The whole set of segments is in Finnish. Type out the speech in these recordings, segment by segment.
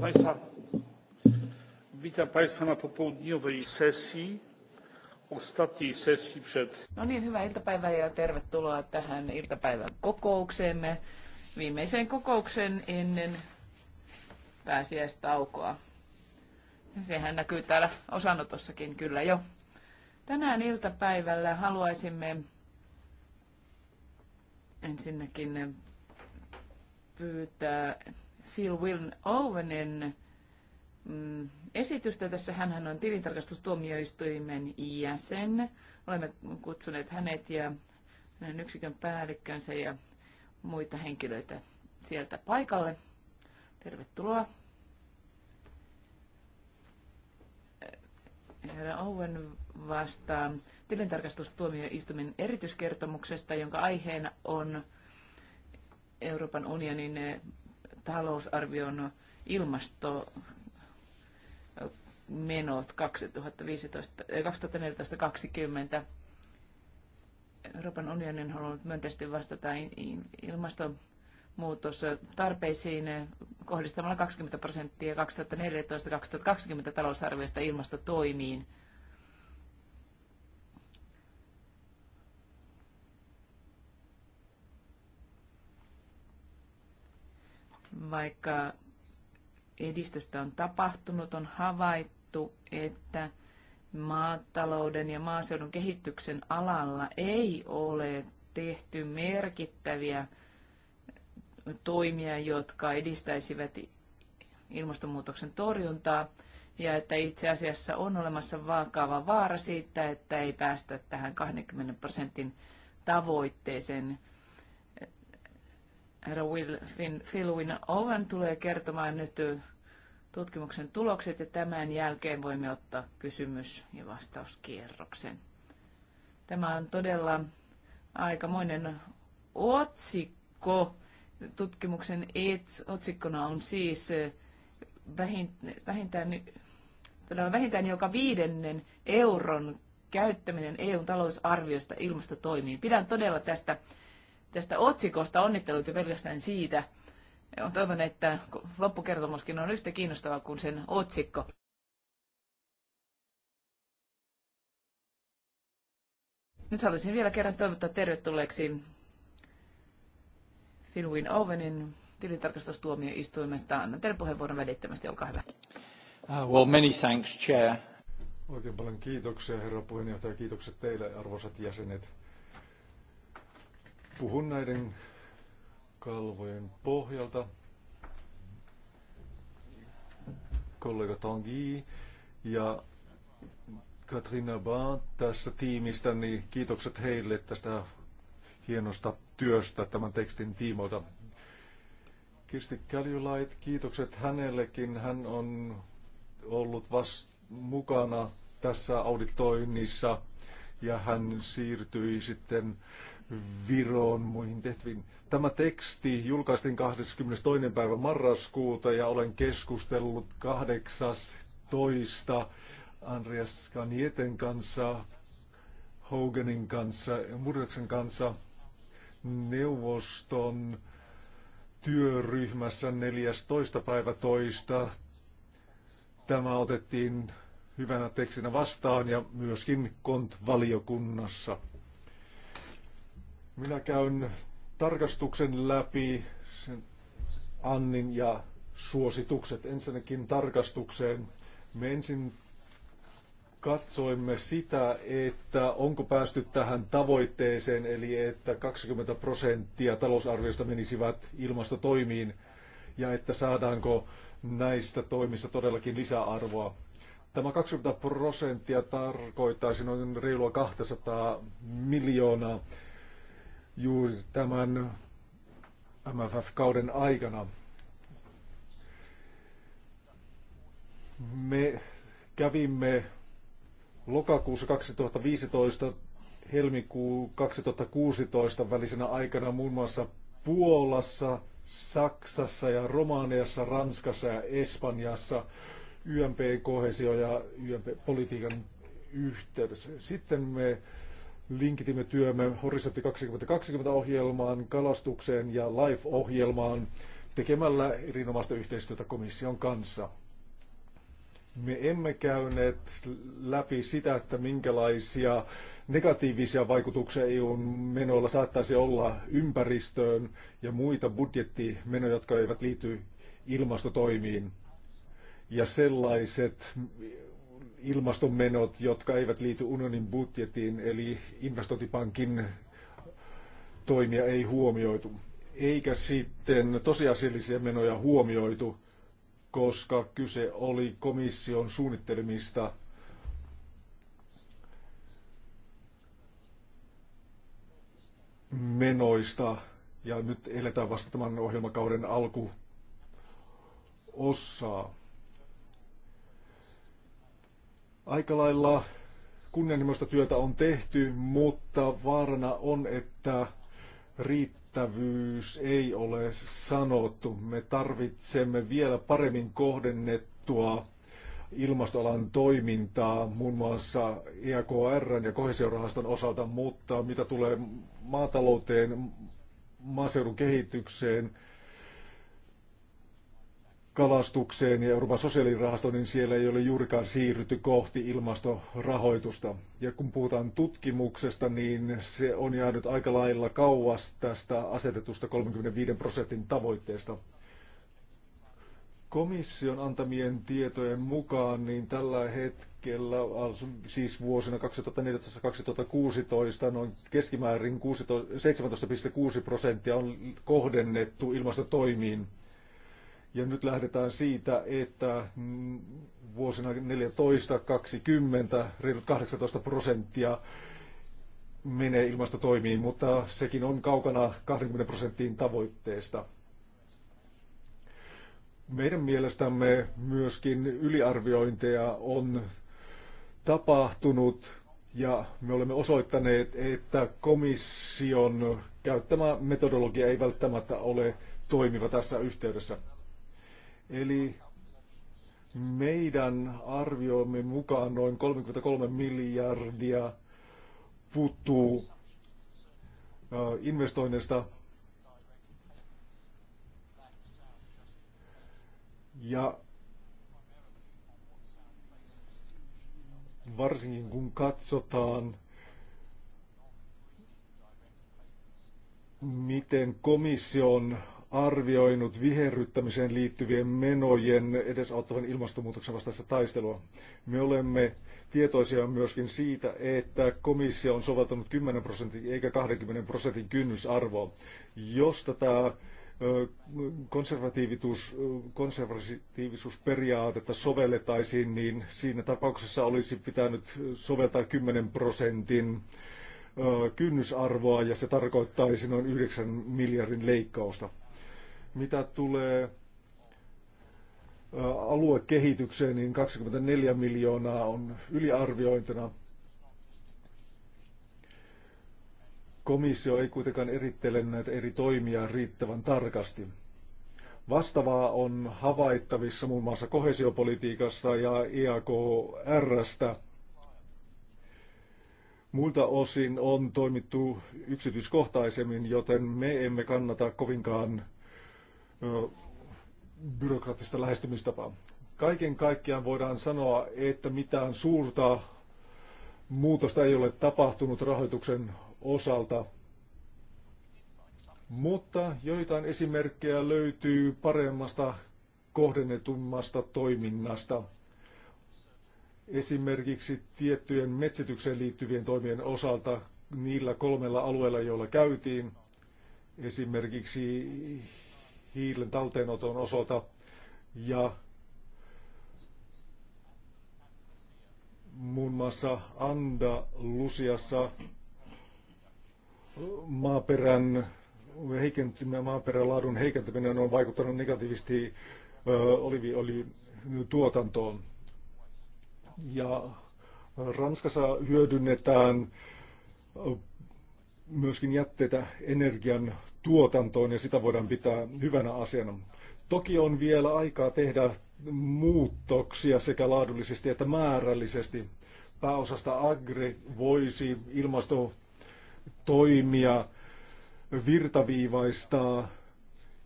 Proszę państwa, witam państwa na popołudniowej sesji, ostatniej sesji przed... No niin, hyvää iltapäivää ja tervetuloa tähän iltapäivän kokoukseemme, viimeiseen kokoukseen ennen pääsiäistaukoa. Sehän näkyy täällä osanotossakin kyllä jo. Tänään iltapäivällä haluaisimme ensinnäkin pyytää Phil Wilne Owenin mm, esitystä. Tässä hän on tilintarkastustuomioistuimen jäsen. Olemme kutsuneet hänet ja hänen yksikön päällikkönsä ja muita henkilöitä sieltä paikalle. Tervetuloa. Herra Owen vastaa tilintarkastustuomioistuimen erityiskertomuksesta, jonka aiheena on Euroopan unionin talousarvion ilmasto menot 2014-2020. Euroopan unionin on halunnut myönteisesti vastata tarpeisiin kohdistamalla 20 prosenttia 2014-2020 talousarviosta ilmastotoimiin – Vaikka edistystä on tapahtunut, on havaittu, että maatalouden ja maaseudun kehityksen alalla ei ole tehty merkittäviä toimia, jotka edistäisivät ilmastonmuutoksen torjuntaa, ja että itse asiassa on olemassa vakava vaara siitä, että ei päästä tähän 20 prosentin tavoitteeseen herra Will, Finn, Philwin Owen tulee kertomaan nyt tutkimuksen tulokset ja tämän jälkeen voimme ottaa kysymys- ja vastauskierroksen. Tämä on todella aikamoinen otsikko. Tutkimuksen otsikkona on siis vähintään, todella vähintään joka viidennen euron käyttäminen EUn talousarviosta ilmastotoimiin. Pidän todella tästä tästä otsikosta. Onnittelut jo pelkästään siitä. Toivon, että loppukertomuskin on yhtä kiinnostava kuin sen otsikko. Nyt haluaisin vielä kerran toivottaa tervetulleeksi Finwin Owenin tilintarkastustuomioistuimesta. Annan teidän puheenvuoron välittömästi, olkaa hyvä. Uh, well, many thanks, Chair. Oikein paljon kiitoksia, herra puheenjohtaja. Kiitokset teille, arvoisat jäsenet. Puhun näiden kalvojen pohjalta. Kollega Tangi ja Katrina Baan tässä tiimistä, niin kiitokset heille tästä hienosta työstä tämän tekstin tiimoilta. Kirsti Kaljulait, kiitokset hänellekin. Hän on ollut vast mukana tässä auditoinnissa ja hän siirtyi sitten Viroon muihin tehtäviin. Tämä teksti julkaistiin 22. päivä marraskuuta ja olen keskustellut 18. Andreas Kanieten kanssa, Hoganin kanssa, Murroksen kanssa, neuvoston työryhmässä 14. päivä toista. Tämä otettiin hyvänä tekstinä vastaan ja myöskin KONT-valiokunnassa. Minä käyn tarkastuksen läpi sen Annin ja suositukset. Ensinnäkin tarkastukseen. Me ensin katsoimme sitä, että onko päästy tähän tavoitteeseen, eli että 20 prosenttia talousarviosta menisivät ilmastotoimiin ja että saadaanko näistä toimista todellakin lisäarvoa. Tämä 20 prosenttia tarkoittaisi noin reilua 200 miljoonaa juuri tämän MFF-kauden aikana. Me kävimme lokakuussa 2015 helmikuun 2016 välisenä aikana muun muassa Puolassa, Saksassa ja Romaniassa, Ranskassa ja Espanjassa YMP-kohesio ja YMP-politiikan yhteydessä. Sitten me linkitimme työmme Horisontti 2020-ohjelmaan, kalastukseen ja LIFE-ohjelmaan tekemällä erinomaista yhteistyötä komission kanssa. Me emme käyneet läpi sitä, että minkälaisia negatiivisia vaikutuksia EUn menoilla saattaisi olla ympäristöön ja muita budjettimenoja, jotka eivät liity ilmastotoimiin. Ja sellaiset ilmastonmenot, jotka eivät liity unionin budjettiin, eli investointipankin toimia ei huomioitu. Eikä sitten tosiasiallisia menoja huomioitu, koska kyse oli komission suunnittelemista menoista, ja nyt eletään vasta tämän ohjelmakauden alkuosaa. Aika lailla kunnianhimoista työtä on tehty, mutta vaarana on, että riittävyys ei ole sanottu. Me tarvitsemme vielä paremmin kohdennettua ilmastoalan toimintaa muun muassa EAKR ja kohesiorahaston osalta, mutta mitä tulee maatalouteen, maaseudun kehitykseen, kalastukseen ja Euroopan sosiaalirahastoon, niin siellä ei ole juurikaan siirrytty kohti ilmastorahoitusta. Ja kun puhutaan tutkimuksesta, niin se on jäänyt aika lailla kauas tästä asetetusta 35 prosentin tavoitteesta. Komission antamien tietojen mukaan niin tällä hetkellä, siis vuosina 2014-2016, noin keskimäärin 17,6 prosenttia on kohdennettu ilmastotoimiin – ja nyt lähdetään siitä, että vuosina 14-20 reilut 18 prosenttia menee ilmastotoimiin, mutta sekin on kaukana 20 prosenttiin tavoitteesta. Meidän mielestämme myöskin yliarviointeja on tapahtunut ja me olemme osoittaneet, että komission käyttämä metodologia ei välttämättä ole toimiva tässä yhteydessä. Eli meidän arvioimme mukaan noin 33 miljardia puuttuu investoinnista. ja varsinkin kun katsotaan, miten komission arvioinut viherryttämiseen liittyvien menojen edesauttavan ilmastonmuutoksen vastaista taistelua. Me olemme tietoisia myöskin siitä, että komissio on soveltanut 10 prosentin eikä 20 prosentin kynnysarvoa. Jos tätä konservatiivisuus, konservatiivisuusperiaatetta sovellettaisiin, niin siinä tapauksessa olisi pitänyt soveltaa 10 prosentin kynnysarvoa ja se tarkoittaisi noin 9 miljardin leikkausta. Mitä tulee aluekehitykseen, niin 24 miljoonaa on yliarviointina. Komissio ei kuitenkaan erittele näitä eri toimia riittävän tarkasti. Vastavaa on havaittavissa muun muassa kohesiopolitiikassa ja EAKRstä. Muilta osin on toimittu yksityiskohtaisemmin, joten me emme kannata kovinkaan byrokraattista lähestymistapaa. Kaiken kaikkiaan voidaan sanoa, että mitään suurta muutosta ei ole tapahtunut rahoituksen osalta, mutta joitain esimerkkejä löytyy paremmasta kohdennetummasta toiminnasta. Esimerkiksi tiettyjen metsitykseen liittyvien toimien osalta niillä kolmella alueella, joilla käytiin, esimerkiksi hiilen talteenoton osalta ja muun muassa Andalusiassa maaperän heikentymä, maaperän laadun heikentäminen on vaikuttanut negatiivisesti olivi, oli tuotantoon. Ja Ranskassa hyödynnetään myöskin jätteitä energian tuotantoon ja sitä voidaan pitää hyvänä asiana. Toki on vielä aikaa tehdä muutoksia sekä laadullisesti että määrällisesti. Pääosasta Agri voisi ilmastotoimia virtaviivaistaa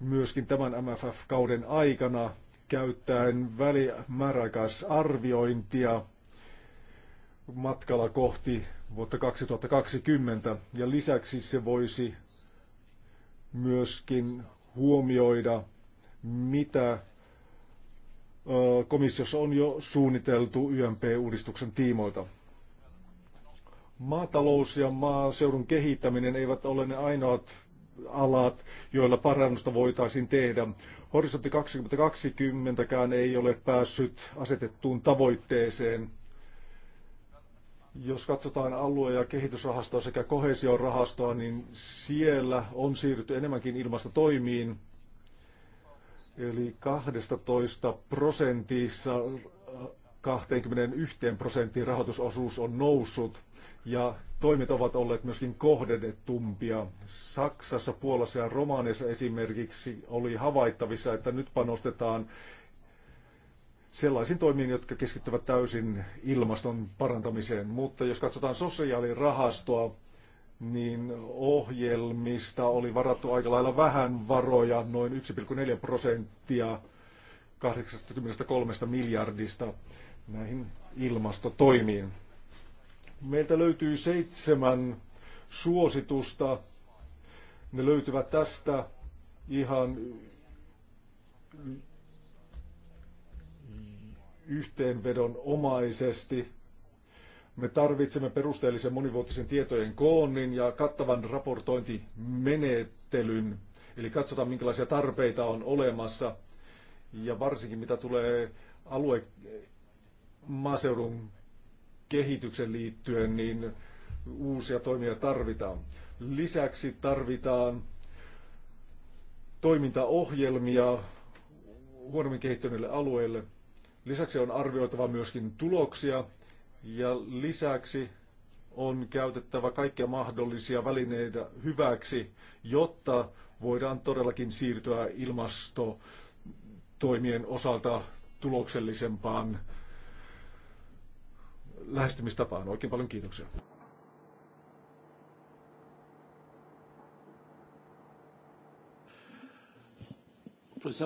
myöskin tämän MFF-kauden aikana käyttäen välimääräaikaisarviointia matkalla kohti vuotta 2020 ja lisäksi se voisi myöskin huomioida, mitä komissiossa on jo suunniteltu YMP-uudistuksen tiimoilta. Maatalous ja maaseudun kehittäminen eivät ole ne ainoat alat, joilla parannusta voitaisiin tehdä. Horisontti 2020kään ei ole päässyt asetettuun tavoitteeseen. Jos katsotaan alue- ja kehitysrahastoa sekä kohesiorahastoa, niin siellä on siirrytty enemmänkin ilmastotoimiin. Eli 12 prosentissa 21 äh, prosenttiin rahoitusosuus on noussut ja toimet ovat olleet myöskin kohdennetumpia. Saksassa, Puolassa ja Romaaniassa esimerkiksi oli havaittavissa, että nyt panostetaan sellaisiin toimiin, jotka keskittyvät täysin ilmaston parantamiseen. Mutta jos katsotaan sosiaalirahastoa, niin ohjelmista oli varattu aika lailla vähän varoja, noin 1,4 prosenttia 83 miljardista näihin ilmastotoimiin. Meiltä löytyy seitsemän suositusta. Ne löytyvät tästä ihan yhteenvedon omaisesti. Me tarvitsemme perusteellisen monivuotisen tietojen koonnin ja kattavan raportointimenettelyn. Eli katsotaan, minkälaisia tarpeita on olemassa ja varsinkin mitä tulee alue maaseudun kehityksen liittyen, niin uusia toimia tarvitaan. Lisäksi tarvitaan toimintaohjelmia huonommin kehittyneille alueille – Lisäksi on arvioitava myöskin tuloksia ja lisäksi on käytettävä kaikkia mahdollisia välineitä hyväksi, jotta voidaan todellakin siirtyä ilmastotoimien osalta tuloksellisempaan lähestymistapaan. Oikein paljon kiitoksia.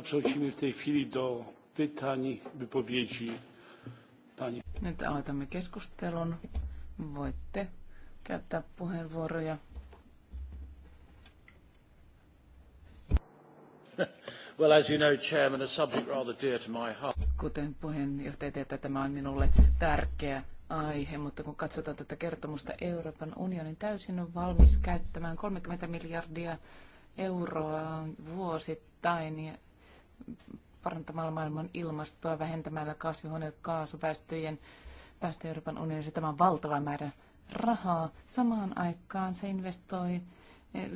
Przechodzimy w tej chwili do pytań, wypowiedzi pani. Nyt aloitamme keskustelun. Voitte käyttää puheenvuoroja. Well, as you know, Chairman, a subject rather dear to my heart. Kuten puheenjohtaja tietää, tämä on minulle tärkeä aihe, mutta kun katsotaan tätä kertomusta, Euroopan unionin täysin on valmis käyttämään 30 miljardia euroa vuosittain parantamalla maailman ilmastoa, vähentämällä kasvihuonekaasupäästöjen päästöjä Euroopan unionissa. Tämä on valtava määrä rahaa. Samaan aikaan se investoi eh,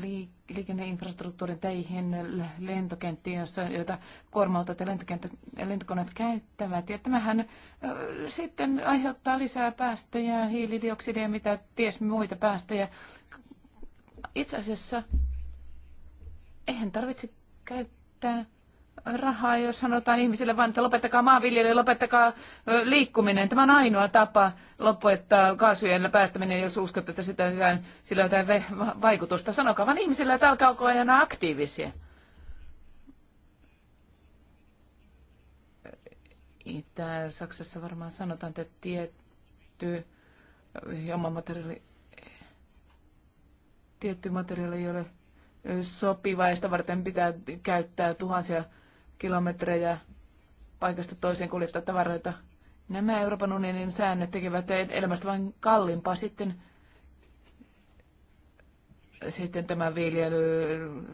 liikenneinfrastruktuurin teihin, lentokenttiin, jossa, joita kuorma ja lentokoneet käyttävät. Ja tämähän eh, sitten aiheuttaa lisää päästöjä, hiilidioksidia ja mitä ties muita päästöjä. Itse asiassa eihän tarvitse käyttää rahaa, jos sanotaan ihmisille vain, että lopettakaa maanviljely, lopettakaa liikkuminen. Tämä on ainoa tapa lopettaa kaasujen päästäminen, jos uskotte, että sitä, sillä on jotain vaikutusta. Sanokaa vain ihmisille, että älkää olko enää aktiivisia. Itä-Saksassa varmaan sanotaan, että tietty oma materiaali, tietty materiaali ei ole sopiva ja sitä varten pitää käyttää tuhansia kilometrejä paikasta toiseen kuljettaa tavaroita. Nämä Euroopan unionin säännöt tekevät elämästä vain kalliimpaa sitten, sitten tämä viljely,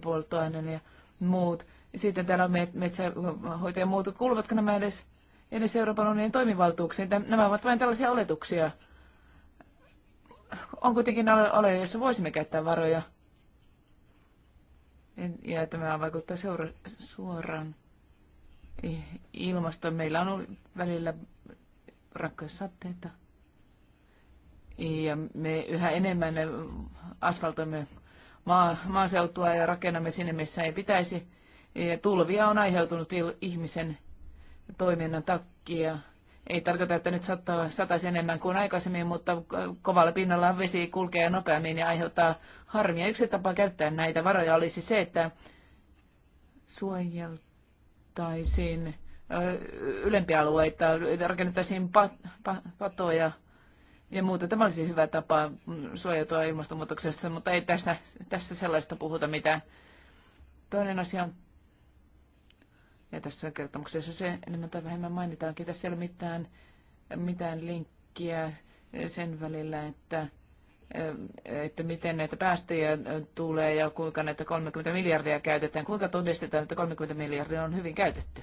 polttoaineen ja muut. Sitten täällä on metsähoitajan muut. Kuuluvatko nämä edes, edes Euroopan unionin toimivaltuuksiin? Nämä ovat vain tällaisia oletuksia. On kuitenkin ole jossa voisimme käyttää varoja ja tämä vaikuttaa seura- suoraan ilmastoon. Meillä on ollut välillä rakkaussateita. Ja me yhä enemmän asfaltoimme maa, maaseutua ja rakennamme sinne, missä ei pitäisi. Ja tulvia on aiheutunut ihmisen toiminnan takia ei tarkoita, että nyt sataisi enemmän kuin aikaisemmin, mutta kovalla pinnalla vesi kulkee nopeammin ja aiheuttaa harmia. Yksi tapa käyttää näitä varoja olisi se, että suojeltaisiin ylempiä alueita, rakennettaisiin pat, pat, patoja ja muuta. Tämä olisi hyvä tapa mm, suojautua ilmastonmuutoksesta, mutta ei tässä, tässä sellaista puhuta mitään. Toinen asia on ja tässä kertomuksessa se enemmän tai vähemmän mainitaankin. Tässä ei ole mitään, mitään linkkiä sen välillä, että, että miten näitä päästöjä tulee ja kuinka näitä 30 miljardia käytetään. Kuinka todistetaan, että 30 miljardia on hyvin käytetty?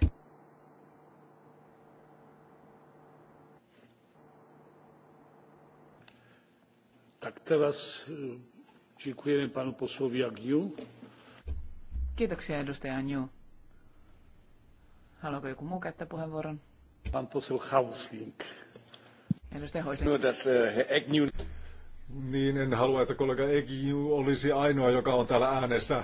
Tak, teraz e, dziękujemy panu posłowi Agniu. Kiitoksia edustaja Agniu. Haluaako joku muu käyttää puheenvuoron? Pan poseł Hauslink. Edustaja Hauslink. No, tässä Agnew. Uh, niin, en halua, että kollega Agnew olisi ainoa, joka on täällä äänessä.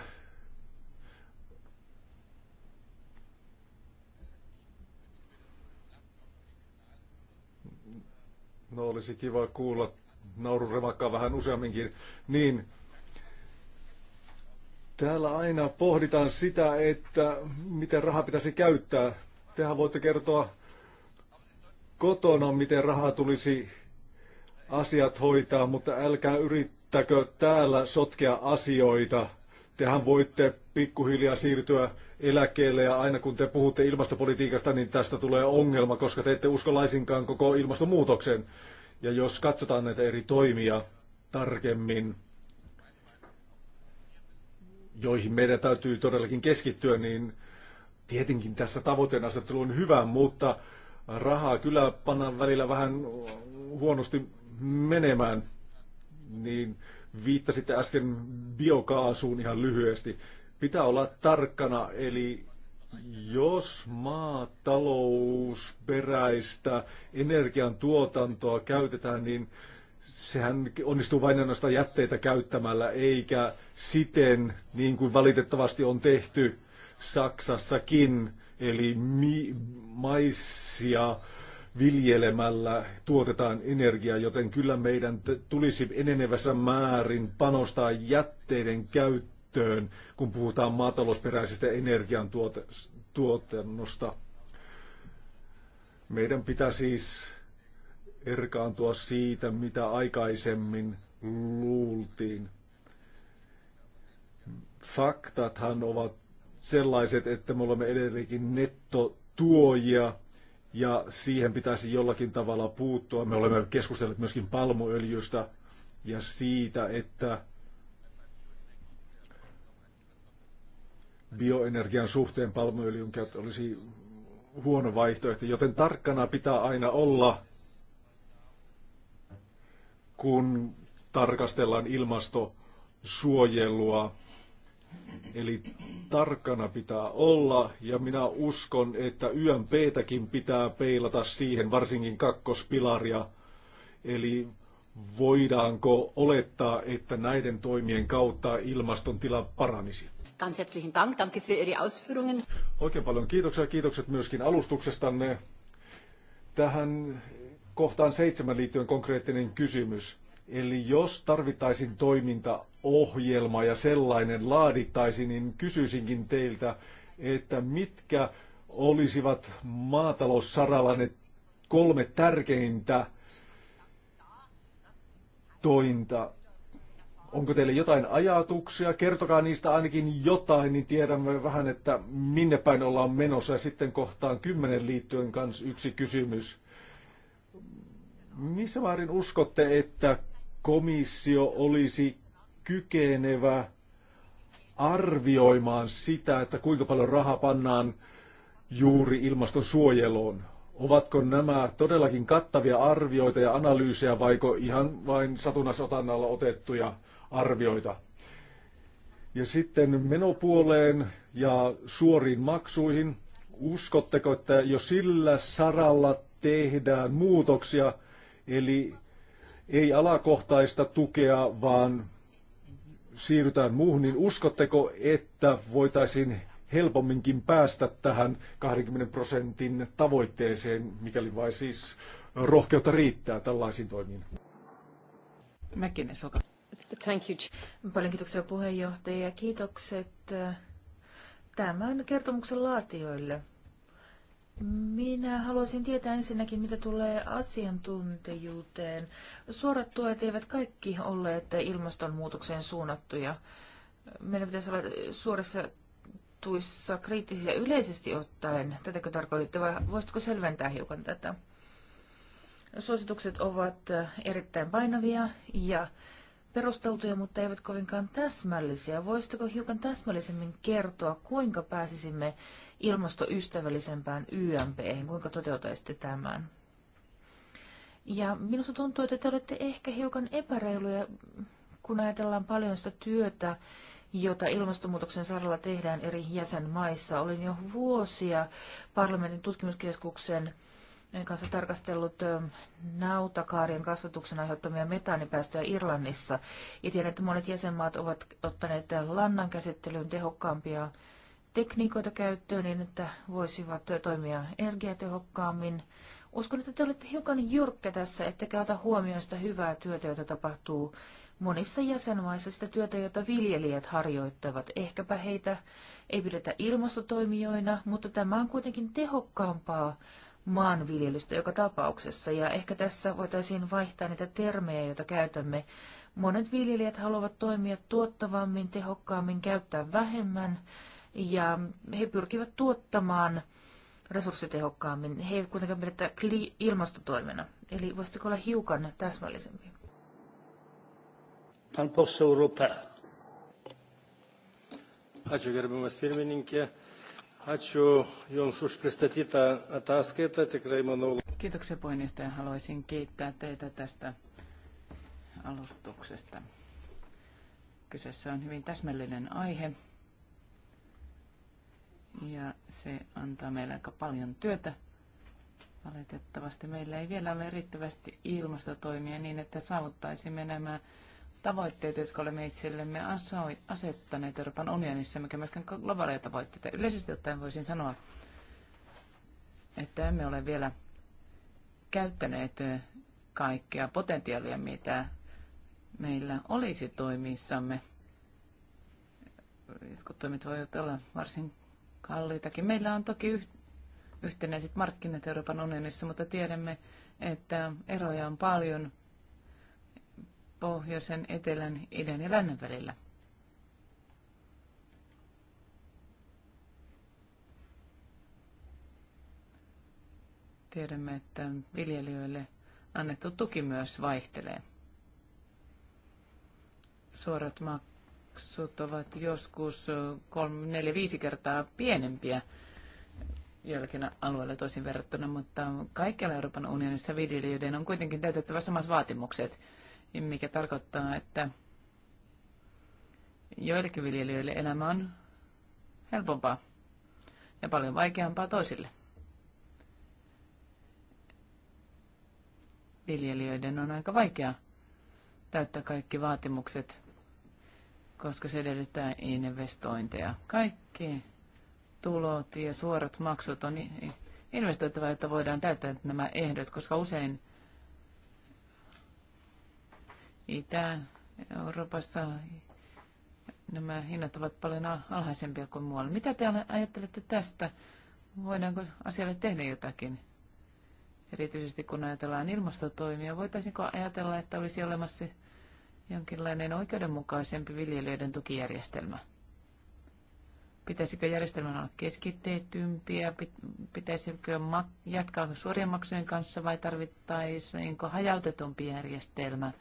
No olisi kiva kuulla naururemakkaa vähän useamminkin. Niin, Täällä aina pohditaan sitä, että miten raha pitäisi käyttää. Tehän voitte kertoa kotona, miten raha tulisi asiat hoitaa, mutta älkää yrittäkö täällä sotkea asioita. Tehän voitte pikkuhiljaa siirtyä eläkkeelle ja aina kun te puhutte ilmastopolitiikasta, niin tästä tulee ongelma, koska te ette usko laisinkaan koko ilmastonmuutoksen. Ja jos katsotaan näitä eri toimia tarkemmin, joihin meidän täytyy todellakin keskittyä, niin tietenkin tässä tavoitteen asettelu on hyvä, mutta rahaa kyllä pannaan välillä vähän huonosti menemään. Niin viittasitte äsken biokaasuun ihan lyhyesti. Pitää olla tarkkana, eli jos maatalousperäistä energiantuotantoa käytetään, niin sehän onnistuu vain ainoastaan jätteitä käyttämällä, eikä siten, niin kuin valitettavasti on tehty Saksassakin, eli mi- maisia viljelemällä tuotetaan energiaa, joten kyllä meidän tulisi enenevässä määrin panostaa jätteiden käyttöön, kun puhutaan maatalousperäisestä energiantuotannosta. Meidän pitää siis erkaantua siitä, mitä aikaisemmin luultiin. Faktathan ovat sellaiset, että me olemme edelleenkin nettotuojia ja siihen pitäisi jollakin tavalla puuttua. Me olemme keskustelleet myöskin palmuöljystä ja siitä, että bioenergian suhteen palmuöljyn käyttö olisi huono vaihtoehto, joten tarkkana pitää aina olla kun tarkastellaan ilmastosuojelua. Eli tarkkana pitää olla, ja minä uskon, että YMPtäkin pitää peilata siihen, varsinkin kakkospilaria. Eli voidaanko olettaa, että näiden toimien kautta ilmaston tila paranisi? Ganz herzlichen Dank, danke für Ihre Ausführungen. Oikein paljon kiitoksia, kiitokset myöskin alustuksestanne. Tähän kohtaan seitsemän liittyen konkreettinen kysymys. Eli jos tarvittaisiin toimintaohjelma ja sellainen laadittaisiin, niin kysyisinkin teiltä, että mitkä olisivat maataloussaralla ne kolme tärkeintä tointa. Onko teille jotain ajatuksia? Kertokaa niistä ainakin jotain, niin tiedämme vähän, että minne päin ollaan menossa. Ja sitten kohtaan kymmenen liittyen kanssa yksi kysymys. Missä määrin uskotte, että komissio olisi kykenevä arvioimaan sitä, että kuinka paljon rahaa pannaan juuri ilmastonsuojeluun? Ovatko nämä todellakin kattavia arvioita ja analyysejä vaiko ihan vain satunnaisotannalla otettuja arvioita? Ja sitten menopuoleen ja suoriin maksuihin. Uskotteko, että jo sillä saralla tehdään muutoksia, eli ei alakohtaista tukea, vaan siirrytään muuhun, niin uskotteko, että voitaisiin helpomminkin päästä tähän 20 prosentin tavoitteeseen, mikäli vai siis rohkeutta riittää tällaisiin toimiin? Mäkinen, soka, Thank you. Paljon kiitoksia puheenjohtaja ja kiitokset äh, tämän kertomuksen laatijoille. Minä haluaisin tietää ensinnäkin, mitä tulee asiantuntijuuteen. Suorat tuet eivät kaikki olleet ilmastonmuutokseen suunnattuja. Meidän pitäisi olla suorissa tuissa kriittisiä yleisesti ottaen. Tätäkö tarkoititte vai voisitko selventää hiukan tätä? Suositukset ovat erittäin painavia ja perusteltuja, mutta eivät kovinkaan täsmällisiä. Voisitko hiukan täsmällisemmin kertoa, kuinka pääsisimme ilmastoystävällisempään YMP, kuinka toteutaisitte tämän? Ja minusta tuntuu, että te olette ehkä hiukan epäreiluja, kun ajatellaan paljon sitä työtä, jota ilmastonmuutoksen saralla tehdään eri jäsenmaissa. Olin jo vuosia parlamentin tutkimuskeskuksen kanssa tarkastellut nautakaarien kasvatuksen aiheuttamia metaanipäästöjä Irlannissa. Ja tiedän, että monet jäsenmaat ovat ottaneet lannan käsittelyyn tehokkaampia tekniikoita käyttöön niin, että voisivat toimia energiatehokkaammin. Uskon, että te olette hiukan jyrkkä tässä, että käytä huomioon sitä hyvää työtä, jota tapahtuu monissa jäsenmaissa, sitä työtä, jota viljelijät harjoittavat. Ehkäpä heitä ei pidetä ilmastotoimijoina, mutta tämä on kuitenkin tehokkaampaa maanviljelystä joka tapauksessa. Ja ehkä tässä voitaisiin vaihtaa niitä termejä, joita käytämme. Monet viljelijät haluavat toimia tuottavammin, tehokkaammin, käyttää vähemmän ja he pyrkivät tuottamaan resurssitehokkaammin. He eivät kuitenkaan pidetä ilmastotoimena. Eli voisitteko olla hiukan täsmällisempi? Pan poseł Rupe. Ačiū gerbiamas pirmininkė. Ačiū Jums už pristatytą ataskaitą. Tikrai manau. Kiitoksia puheenjohtaja. Haluaisin kiittää teitä tästä alustuksesta. Kyseessä on hyvin täsmällinen aihe ja se antaa meille aika paljon työtä. Valitettavasti meillä ei vielä ole riittävästi ilmastotoimia niin, että saavuttaisimme nämä tavoitteet, jotka olemme itsellemme asettaneet Euroopan unionissa, mikä myöskään globaaleja tavoitteita. Yleisesti ottaen voisin sanoa, että emme ole vielä käyttäneet kaikkea potentiaalia, mitä meillä olisi toimissamme. Jotkut toimet voivat olla varsin kalliitakin. Meillä on toki yhtenäiset markkinat Euroopan unionissa, mutta tiedämme, että eroja on paljon pohjoisen, etelän, idän ja lännen välillä. Tiedämme, että viljelijöille annettu tuki myös vaihtelee. Suorat mak- maksut ovat joskus 3-4-5 kertaa pienempiä joillakin alueilla toisin verrattuna, mutta kaikkialla Euroopan unionissa viljelijöiden on kuitenkin täytettävä samat vaatimukset, mikä tarkoittaa, että joillekin viljelijöille elämä on helpompaa ja paljon vaikeampaa toisille. Viljelijöiden on aika vaikea täyttää kaikki vaatimukset koska se edellyttää investointeja. Kaikki tulot ja suorat maksut on investoitava, että voidaan täyttää nämä ehdot, koska usein Itä-Euroopassa nämä hinnat ovat paljon alhaisempia kuin muualla. Mitä te ajattelette tästä? Voidaanko asialle tehdä jotakin? Erityisesti kun ajatellaan ilmastotoimia, voitaisiinko ajatella, että olisi olemassa jonkinlainen oikeudenmukaisempi viljelijöiden tukijärjestelmä? Pitäisikö järjestelmän olla keskitettympiä? pitäisikö jatkaa suorien maksujen kanssa vai tarvittaisiinko hajautetumpi järjestelmä,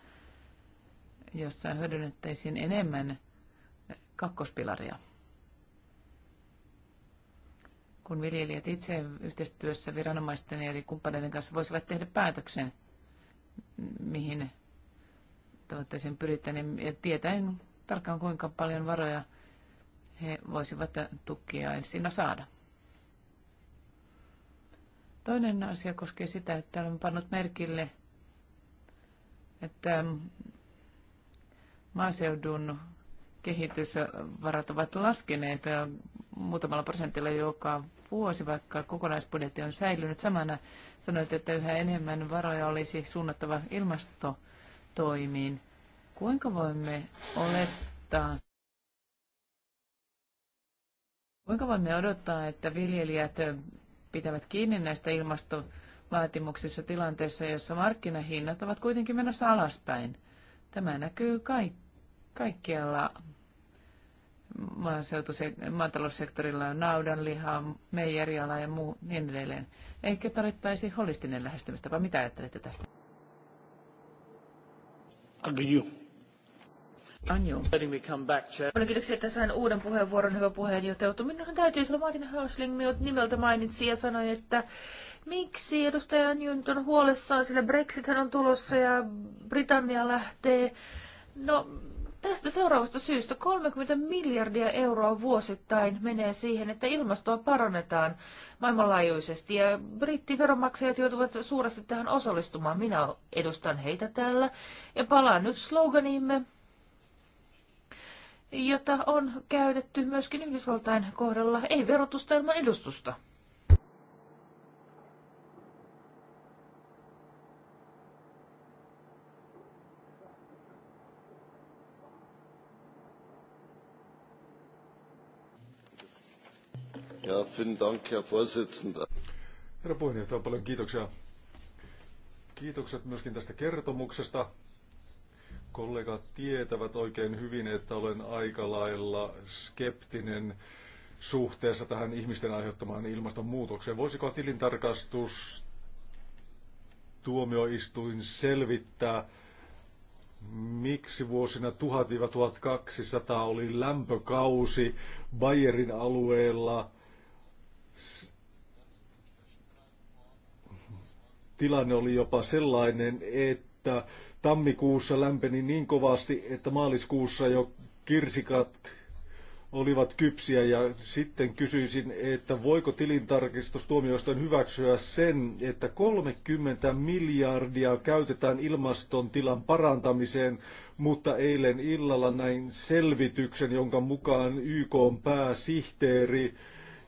jossa hyödynnettäisiin enemmän kakkospilaria? kun viljelijät itse yhteistyössä viranomaisten ja eri kumppaneiden kanssa voisivat tehdä päätöksen, mihin tavoitteeseen pyritään, niin ja tietäen tarkkaan kuinka paljon varoja he voisivat tukia siinä saada. Toinen asia koskee sitä, että olen pannut merkille, että maaseudun kehitysvarat ovat laskeneet muutamalla prosentilla joka vuosi, vaikka kokonaisbudjetti on säilynyt samana. Sanoit, että yhä enemmän varoja olisi suunnattava ilmastoon toimiin. Kuinka voimme olettaa, kuinka voimme odottaa, että viljelijät pitävät kiinni näistä ilmastovaatimuksissa tilanteessa, jossa markkinahinnat ovat kuitenkin menossa alaspäin? Tämä näkyy kaik- kaikkialla maataloussektorilla on naudanlihaa, meijeriala ja muu, niin edelleen. Eikö tarvittaisi holistinen lähestymistapa? Mitä ajattelette tästä? Agnew. Anju. Paljon kiitoksia, että sain uuden puheenvuoron, hyvä puheenjohtaja. Minunhan täytyy sanoa, Martin Hausling minut nimeltä mainitsi ja sanoi, että miksi edustaja Anju nyt on huolessaan, sillä Brexit on tulossa ja Britannia lähtee. No, Tästä seuraavasta syystä 30 miljardia euroa vuosittain menee siihen, että ilmastoa parannetaan maailmanlaajuisesti ja brittiveronmaksajat joutuvat suuresti tähän osallistumaan. Minä edustan heitä täällä ja palaan nyt sloganiimme, jota on käytetty myöskin Yhdysvaltain kohdalla, ei verotusta ilman edustusta. Ja, vielen Dank, Herr Vorsitzender. Herra puheenjohtaja, paljon kiitoksia. Kiitokset myöskin tästä kertomuksesta. Kollegat tietävät oikein hyvin, että olen aika lailla skeptinen suhteessa tähän ihmisten aiheuttamaan ilmastonmuutokseen. Voisiko tilintarkastus tuomioistuin selvittää, miksi vuosina 1000-1200 oli lämpökausi Bayerin alueella tilanne oli jopa sellainen, että tammikuussa lämpeni niin kovasti, että maaliskuussa jo kirsikat olivat kypsiä ja sitten kysyisin, että voiko tilintarkistustuomioistuin hyväksyä sen, että 30 miljardia käytetään ilmaston tilan parantamiseen, mutta eilen illalla näin selvityksen, jonka mukaan YK on pääsihteeri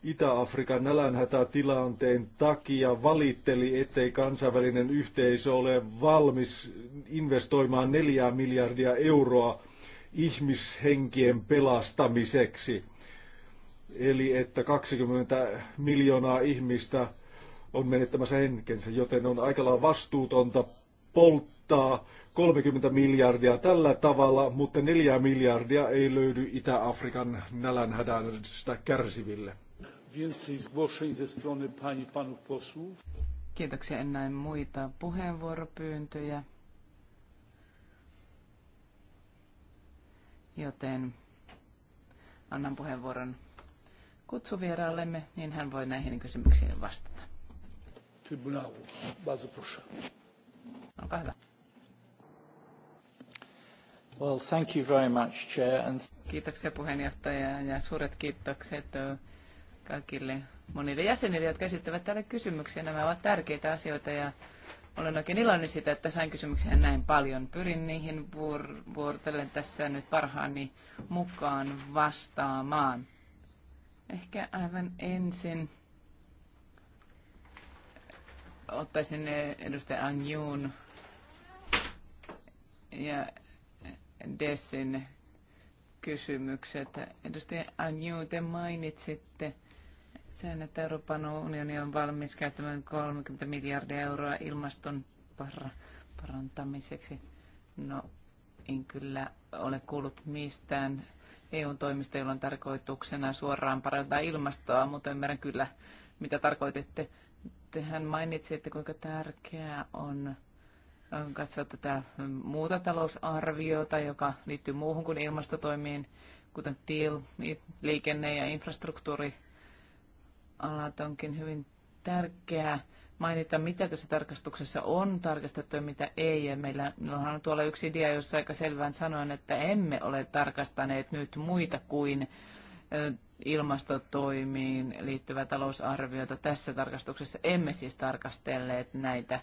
Itä-Afrikan nälänhätätilanteen takia valitteli, ettei kansainvälinen yhteisö ole valmis investoimaan neljää miljardia euroa ihmishenkien pelastamiseksi. Eli että 20 miljoonaa ihmistä on menettämässä henkensä, joten on aika lailla vastuutonta polttaa 30 miljardia tällä tavalla, mutta 4 miljardia ei löydy Itä-Afrikan nälänhädästä kärsiville więcej zgłoszeń ze strony pań panów posłów. Kiitoksia. En näe muita puheenvuoropyyntöjä. Joten annan puheenvuoron kutsuvieraallemme, niin hän voi näihin kysymyksiin vastata. Tribunału. Bardzo proszę. Olkaa hyvä. Well, thank you very much, Chair. And... Kiitoksia puheenjohtaja ja suuret kiitokset kaikille monille jäsenille, jotka esittävät täällä kysymyksiä. Nämä ovat tärkeitä asioita ja olen oikein iloinen siitä, että sain kysymyksiä näin paljon. Pyrin niihin vuor- vuorotellen tässä nyt parhaani mukaan vastaamaan. Ehkä aivan ensin ottaisin edustaja Anjun ja Dessin kysymykset. Edustaja Anju, te mainitsitte – sen, että Euroopan unioni on valmis käyttämään 30 miljardia euroa ilmaston parantamiseksi. No, en kyllä ole kuullut mistään EU-toimista, jolla on tarkoituksena suoraan parantaa ilmastoa, mutta ymmärrän kyllä, mitä tarkoititte. Tehän mainitsitte, kuinka tärkeää on katsoa tätä muuta talousarviota, joka liittyy muuhun kuin ilmastotoimiin, kuten TIL, liikenne- ja infrastruktuuri alat onkin hyvin tärkeää mainita, mitä tässä tarkastuksessa on tarkastettu ja mitä ei. Ja meillä on tuolla yksi idea, jossa aika selvään sanoin, että emme ole tarkastaneet nyt muita kuin ilmastotoimiin liittyvää talousarviota. Tässä tarkastuksessa emme siis tarkastelleet näitä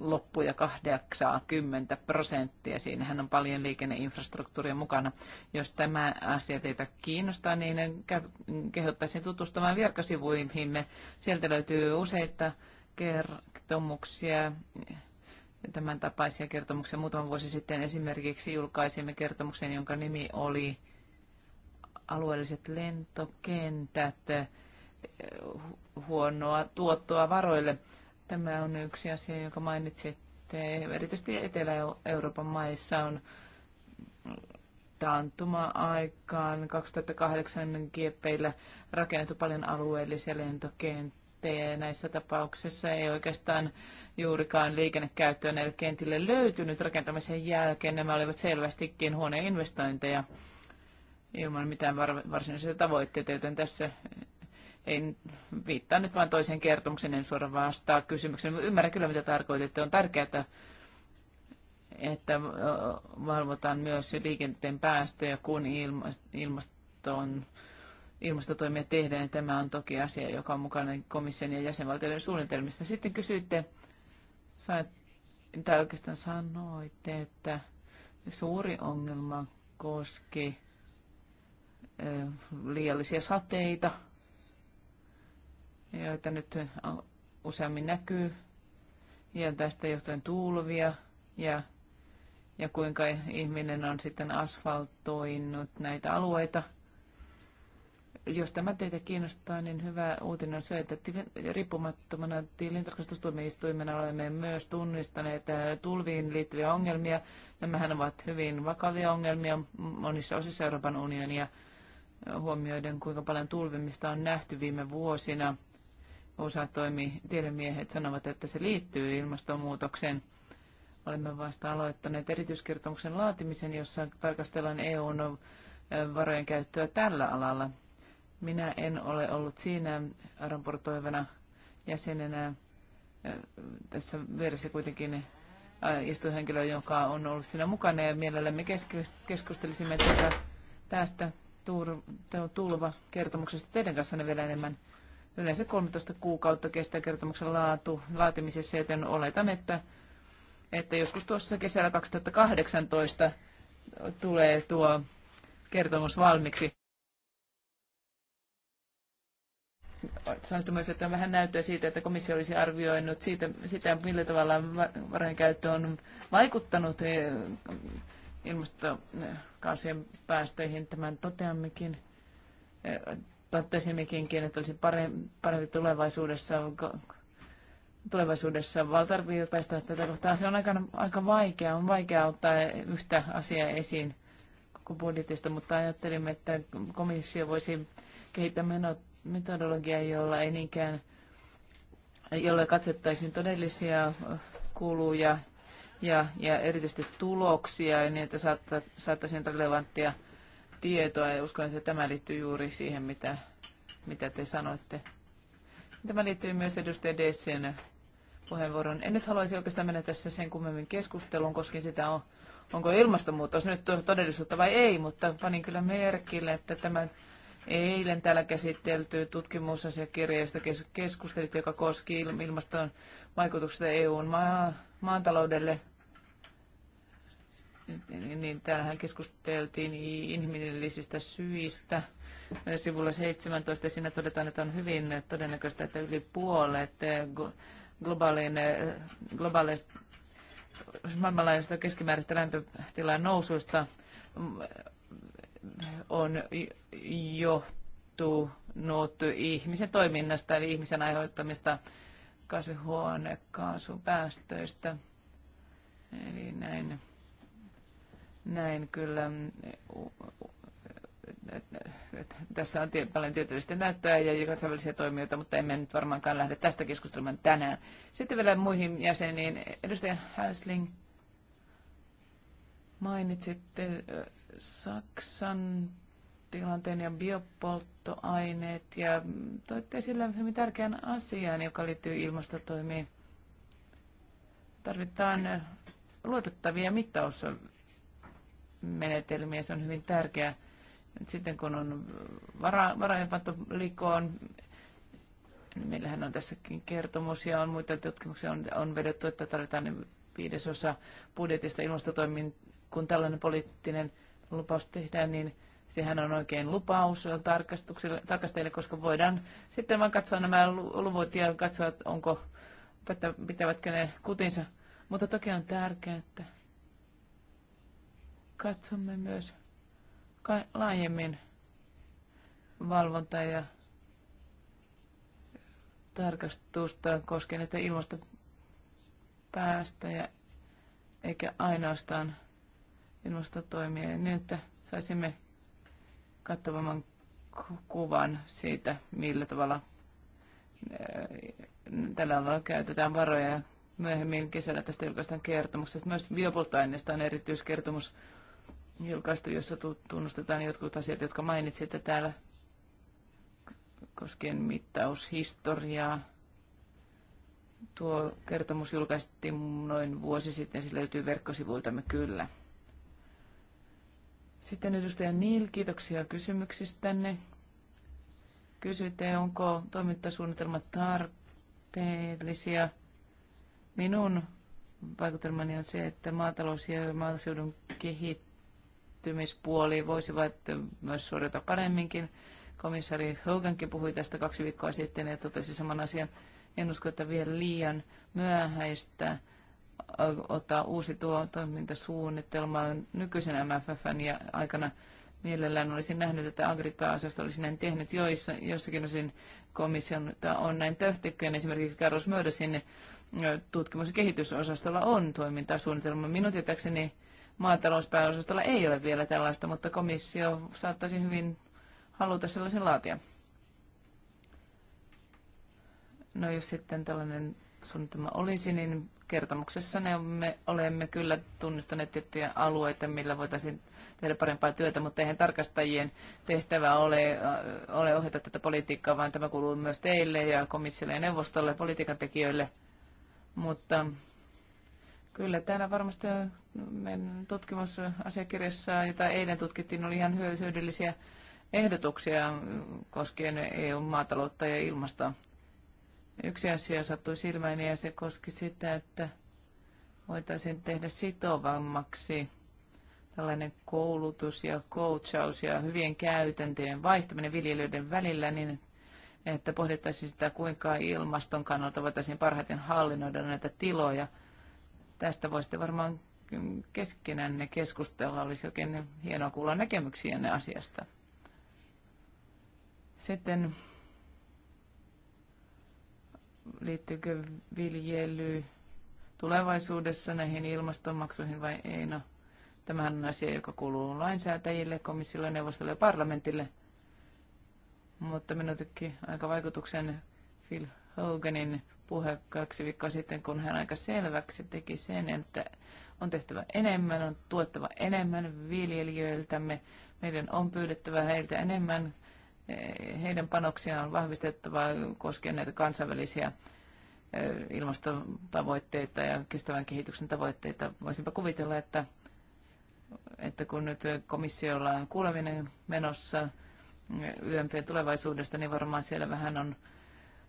loppuja 80 prosenttia. Siinähän on paljon liikenneinfrastruktuuria mukana. Jos tämä asia teitä kiinnostaa, niin kehottaisin tutustumaan virkasivuihimme. Sieltä löytyy useita kertomuksia, tämän tapaisia kertomuksia. Muutama vuosi sitten esimerkiksi julkaisimme kertomuksen, jonka nimi oli alueelliset lentokentät, huonoa tuottoa varoille Tämä on yksi asia, jonka mainitsitte. Erityisesti Etelä-Euroopan maissa on taantuma-aikaan 2008 kieppeillä rakennettu paljon alueellisia lentokenttejä. Näissä tapauksissa ei oikeastaan juurikaan liikennekäyttöä näille kentille löytynyt rakentamisen jälkeen. Nämä olivat selvästikin huoneen investointeja ilman mitään varsinaisia tavoitteita, joten tässä en viittaa nyt vain toiseen kertomukseen, en suoraan vastaa kysymykseen. Ymmärrän kyllä, mitä tarkoititte. On tärkeää, että, että valvotaan myös liikenteen päästöjä, kun ilmaston ilmastotoimia tehdään. Tämä on toki asia, joka on mukana komission ja jäsenvaltioiden suunnitelmista. Sitten kysyitte, tai oikeastaan sanoitte, että suuri ongelma koski liiallisia sateita – joita nyt useammin näkyy, ja tästä johtuen tuulvia, ja, ja kuinka ihminen on sitten asfaltoinut näitä alueita. Jos tämä teitä kiinnostaa, niin hyvä uutinen on se, että tilin, riippumattomana tilintarkastustuomioistuimena olemme myös tunnistaneet äh, tulviin liittyviä ongelmia. Nämähän ovat hyvin vakavia ongelmia monissa osissa Euroopan unionia äh, huomioiden, kuinka paljon tulvimista on nähty viime vuosina – USA toimi, tiedemiehet sanovat, että se liittyy ilmastonmuutokseen. Olemme vasta aloittaneet erityiskertomuksen laatimisen, jossa tarkastellaan EUn varojen käyttöä tällä alalla. Minä en ole ollut siinä raportoivana jäsenenä. Tässä vieressä kuitenkin istuu henkilö, joka on ollut siinä mukana ja mielellämme keskustelisimme tästä, tästä tulva kertomuksesta teidän kanssanne vielä enemmän. Yleensä 13 kuukautta kestää kertomuksen laatu, laatimisessa, joten oletan, että, että joskus tuossa kesällä 2018 tulee tuo kertomus valmiiksi. Sanoit myös, että on vähän näyttöä siitä, että komissio olisi arvioinut siitä, sitä, millä tavalla käyttö on vaikuttanut eh, ilmastokausien eh, päästöihin. Tämän toteammekin eh, kattaisimmekin, että olisi parempi, parempi tulevaisuudessa, tulevaisuudessa valtarviitaista tätä kohtaa. Se on aika, aika vaikea, on vaikea ottaa yhtä asiaa esiin koko budjetista, mutta ajattelimme, että komissio voisi kehittää metodologiaa, jolla ei niinkään, jolla katsettaisiin todellisia kuluja ja, ja erityisesti tuloksia, niin että saattaisiin relevanttia tietoa ja uskon, että tämä liittyy juuri siihen, mitä, mitä te sanoitte. Tämä liittyy myös edustaja Dessin puheenvuoron. En nyt haluaisi oikeastaan mennä tässä sen kummemmin keskusteluun, koska sitä on, onko ilmastonmuutos nyt todellisuutta vai ei, mutta panin kyllä merkille, että tämä eilen täällä käsitelty tutkimusasiakirja, josta keskustelit, joka koski ilmaston vaikutuksesta EUn maa, maantaloudelle, niin, niin täällähän keskusteltiin inhimillisistä syistä. Sivulla 17 siinä todetaan, että on hyvin todennäköistä, että yli puolet globaalin, globaalista maailmanlaajuisesta keskimääräistä lämpötilan nousuista on johtunut ihmisen toiminnasta, eli ihmisen aiheuttamista kasvihuonekaasupäästöistä. Eli näin näin kyllä tässä on paljon tieteellistä näyttöä ja kansainvälisiä toimijoita, mutta emme nyt varmaankaan lähde tästä keskustelemaan tänään. Sitten vielä muihin jäseniin. Edustaja Häsling, mainitsitte Saksan tilanteen ja biopolttoaineet ja toitte esille hyvin tärkeän asian, joka liittyy ilmastotoimiin. Tarvitaan luotettavia mittaus menetelmiä. Se on hyvin tärkeää. Sitten kun on vara, varainpanto likoon, niin meillähän on tässäkin kertomus ja on muita tutkimuksia on, on vedetty, että tarvitaan viidesosa budjetista ilmastotoimin, Kun tällainen poliittinen lupaus tehdään, niin sehän on oikein lupaus tarkastajille, koska voidaan sitten vaan katsoa nämä luvut ja katsoa, onko, pitävätkö ne kutinsa. Mutta toki on tärkeää, että katsomme myös laajemmin valvontaa ja tarkastusta koskien näitä ilmastopäästöjä, eikä ainoastaan ilmastotoimia, niin että saisimme kattavamman kuvan siitä, millä tavalla äh, tällä alalla käytetään varoja. Myöhemmin kesällä tästä julkaistaan kertomuksesta. Myös biopolttoaineista on erityiskertomus julkaistu, jossa tunnustetaan jotkut asiat, jotka mainitsitte täällä koskien mittaushistoriaa. Tuo kertomus julkaistiin noin vuosi sitten, se löytyy verkkosivuiltamme kyllä. Sitten edustaja Niil, kiitoksia kysymyksistänne. Kysyitte, onko toimintasuunnitelmat tarpeellisia. Minun vaikutelmani on se, että maatalous ja maaseudun kehittäminen kehittymispuoli voisivat myös suorita paremminkin. Komissari Hogankin puhui tästä kaksi viikkoa sitten ja totesi saman asian. En usko, että vielä liian myöhäistä ottaa uusi tuo toimintasuunnitelma nykyisen MFFn ja aikana mielellään olisin nähnyt, että Agri-pääosasta olisi näin tehnyt joissa, jossakin osin komission on näin töhtikkään. Esimerkiksi Carlos Mördesin tutkimus- ja kehitysosastolla on toimintasuunnitelma. Minun tietääkseni maatalouspääosastolla ei ole vielä tällaista, mutta komissio saattaisi hyvin haluta sellaisen laatia. No jos sitten tällainen suunnitelma olisi, niin kertomuksessa ne me olemme kyllä tunnistaneet tiettyjä alueita, millä voitaisiin tehdä parempaa työtä, mutta eihän tarkastajien tehtävä ole, äh, ole ohjata tätä politiikkaa, vaan tämä kuuluu myös teille ja komissiolle ja neuvostolle ja politiikan tekijöille. Mutta Kyllä, täällä varmasti meidän tutkimusasiakirjassa, jota eilen tutkittiin, oli ihan hyödyllisiä ehdotuksia koskien EU-maataloutta ja ilmasta Yksi asia sattui silmäni ja se koski sitä, että voitaisiin tehdä sitovammaksi tällainen koulutus ja coachaus ja hyvien käytäntöjen vaihtaminen viljelijöiden välillä niin, että pohdittaisiin sitä, kuinka ilmaston kannalta voitaisiin parhaiten hallinnoida näitä tiloja – Tästä voisitte varmaan keskenänne keskustella. Olisi oikein hienoa kuulla näkemyksiänne asiasta. Sitten liittyykö viljely tulevaisuudessa näihin ilmastonmaksuihin vai ei? No, tämähän on asia, joka kuuluu lainsäätäjille, komissiolle, neuvostolle ja parlamentille. Mutta minun tykki aika vaikutuksen Phil Hoganin puhe kaksi viikkoa sitten, kun hän aika selväksi teki sen, että on tehtävä enemmän, on tuottava enemmän viljelijöiltämme. Meidän on pyydettävä heiltä enemmän. E, heidän panoksiaan on vahvistettava koskien näitä kansainvälisiä e, ilmastotavoitteita ja kestävän kehityksen tavoitteita. Voisinpa kuvitella, että, että kun nyt komissiolla on kuuleminen menossa e, YMP tulevaisuudesta, niin varmaan siellä vähän on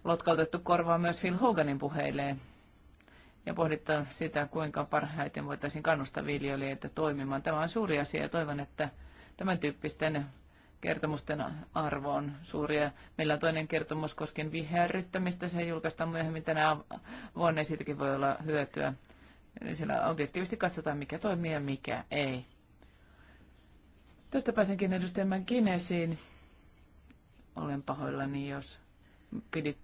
lotkautettu korvaa myös Phil Hoganin puheille ja pohdittaa sitä, kuinka parhaiten voitaisiin kannustaa viljelijöitä toimimaan. Tämä on suuri asia ja toivon, että tämän tyyppisten kertomusten arvo on suuri. Ja meillä on toinen kertomus koskien viherryttämistä. Se julkaistaan myöhemmin tänä vuonna ja siitäkin voi olla hyötyä. Siellä objektiivisesti katsotaan, mikä toimii ja mikä ei. Tästä pääsenkin edustajan Kinesiin. Olen pahoillani, jos pidit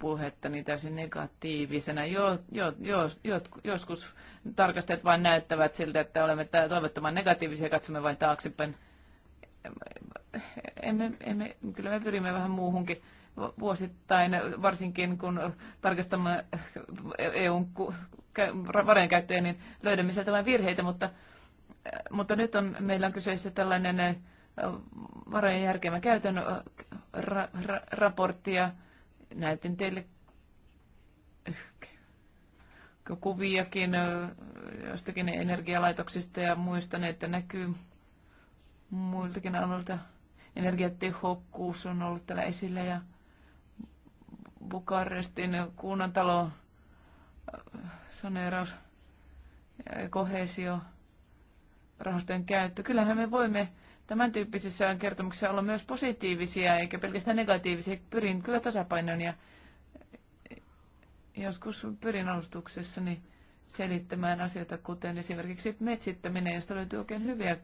niin täysin negatiivisena. Jo, jo, jo, jot, joskus tarkastajat vain näyttävät siltä, että olemme toivottoman negatiivisia ja katsomme vain taaksepäin. Emme, emme, kyllä me pyrimme vähän muuhunkin vuosittain, varsinkin kun tarkastamme EUn e-, e-, e-, varojen käyttöjä, niin löydämme sieltä vain virheitä, mutta, mutta nyt on, meillä on kyseessä tällainen varojen järkevä käytön ra, ra, raportti Näytin teille kuviakin jostakin energialaitoksista ja muistan, niin että näkyy muiltakin alueilta. Energiatehokkuus on ollut täällä esillä ja Bukarestin kunnantalo saneeraus ja kohesio rahastojen käyttö. Kyllähän me voimme tämän tyyppisissä kertomuksissa olla myös positiivisia eikä pelkästään negatiivisia. Pyrin kyllä tasapainoon ja joskus pyrin alustuksessani selittämään asioita, kuten esimerkiksi metsittäminen, josta löytyy oikein hyviä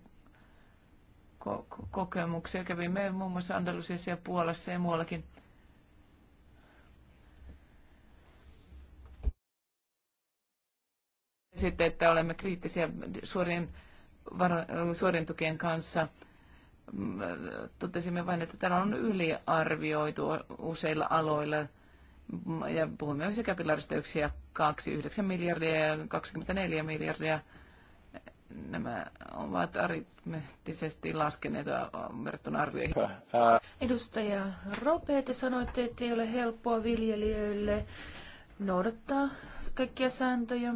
ko- kokemuksia. Kävimme muun muassa Andalusiassa ja Puolassa ja muuallakin. Sitten, että olemme kriittisiä suorien, varo- suorien tukien kanssa – totesimme vain, että täällä on yliarvioitu useilla aloilla ja puhumme sekä pilarista 1 ja 2, 9 miljardia ja 24 miljardia. Nämä ovat aritmettisesti laskeneet verrattuna arvioihin. Edustaja Rope, te sanoitte, että ei ole helppoa viljelijöille noudattaa kaikkia sääntöjä.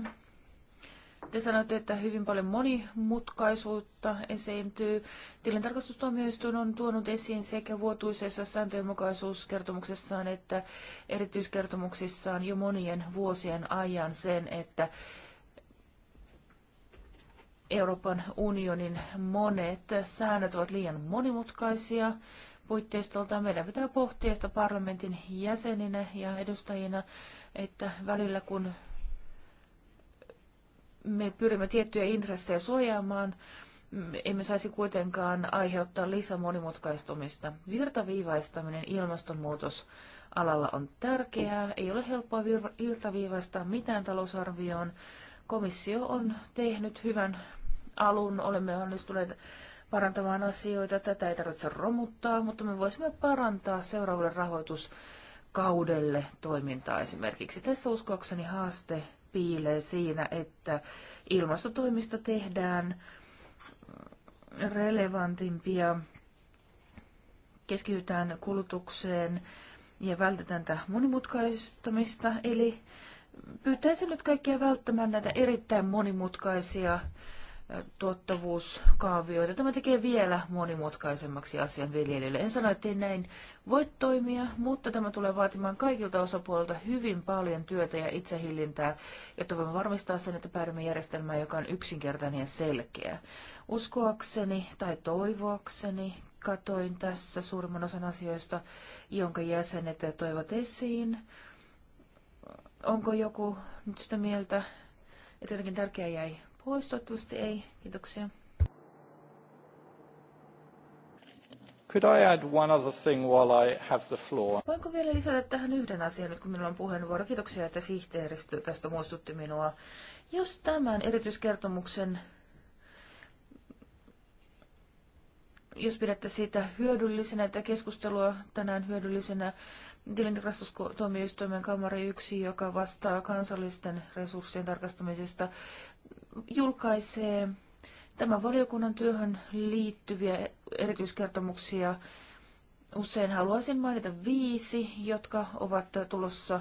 Te sanoitte, että hyvin paljon monimutkaisuutta esiintyy. Tilintarkastustuomioistuin on tuonut esiin sekä vuotuisessa sääntöjenmukaisuuskertomuksessaan että erityiskertomuksissaan jo monien vuosien ajan sen, että Euroopan unionin monet säännöt ovat liian monimutkaisia puitteistolta. Meidän pitää pohtia sitä parlamentin jäseninä ja edustajina, että välillä kun me pyrimme tiettyjä intressejä suojaamaan, emme saisi kuitenkaan aiheuttaa lisää monimutkaistumista. Virtaviivaistaminen ilmastonmuutos alalla on tärkeää. Ei ole helppoa virtaviivaistaa mitään talousarvioon. Komissio on tehnyt hyvän alun. Olemme onnistuneet parantamaan asioita. Tätä ei tarvitse romuttaa, mutta me voisimme parantaa seuraavalle rahoituskaudelle toimintaa esimerkiksi. Tässä uskoakseni haaste piilee siinä, että ilmastotoimista tehdään relevantimpia, keskitytään kulutukseen ja vältetään tätä monimutkaistamista. Eli pyytäisin nyt kaikkia välttämään näitä erittäin monimutkaisia tuottavuuskaavioita. Tämä tekee vielä monimutkaisemmaksi asian viljelijöille. En sano, että näin voi toimia, mutta tämä tulee vaatimaan kaikilta osapuolilta hyvin paljon työtä ja itsehillintää, jotta voimme varmistaa sen, että päädymme järjestelmään, joka on yksinkertainen ja selkeä. Uskoakseni tai toivoakseni katoin tässä suurimman osan asioista, jonka jäsenet toivat esiin. Onko joku nyt sitä mieltä, että jotenkin tärkeää jäi pois, toivottavasti ei. Kiitoksia. Could I add one other thing while I have the floor? Voinko vielä lisätä tähän yhden asian nyt, kun minulla on puheenvuoro? Kiitoksia, että sihteeristö tästä muistutti minua. Jos tämän erityiskertomuksen jos pidätte siitä hyödyllisenä, että keskustelua tänään hyödyllisenä, tilintarkastustuomioistuimen kamari yksi, joka vastaa kansallisten resurssien tarkastamisesta, julkaisee tämän valiokunnan työhön liittyviä erityiskertomuksia. Usein haluaisin mainita viisi, jotka ovat tulossa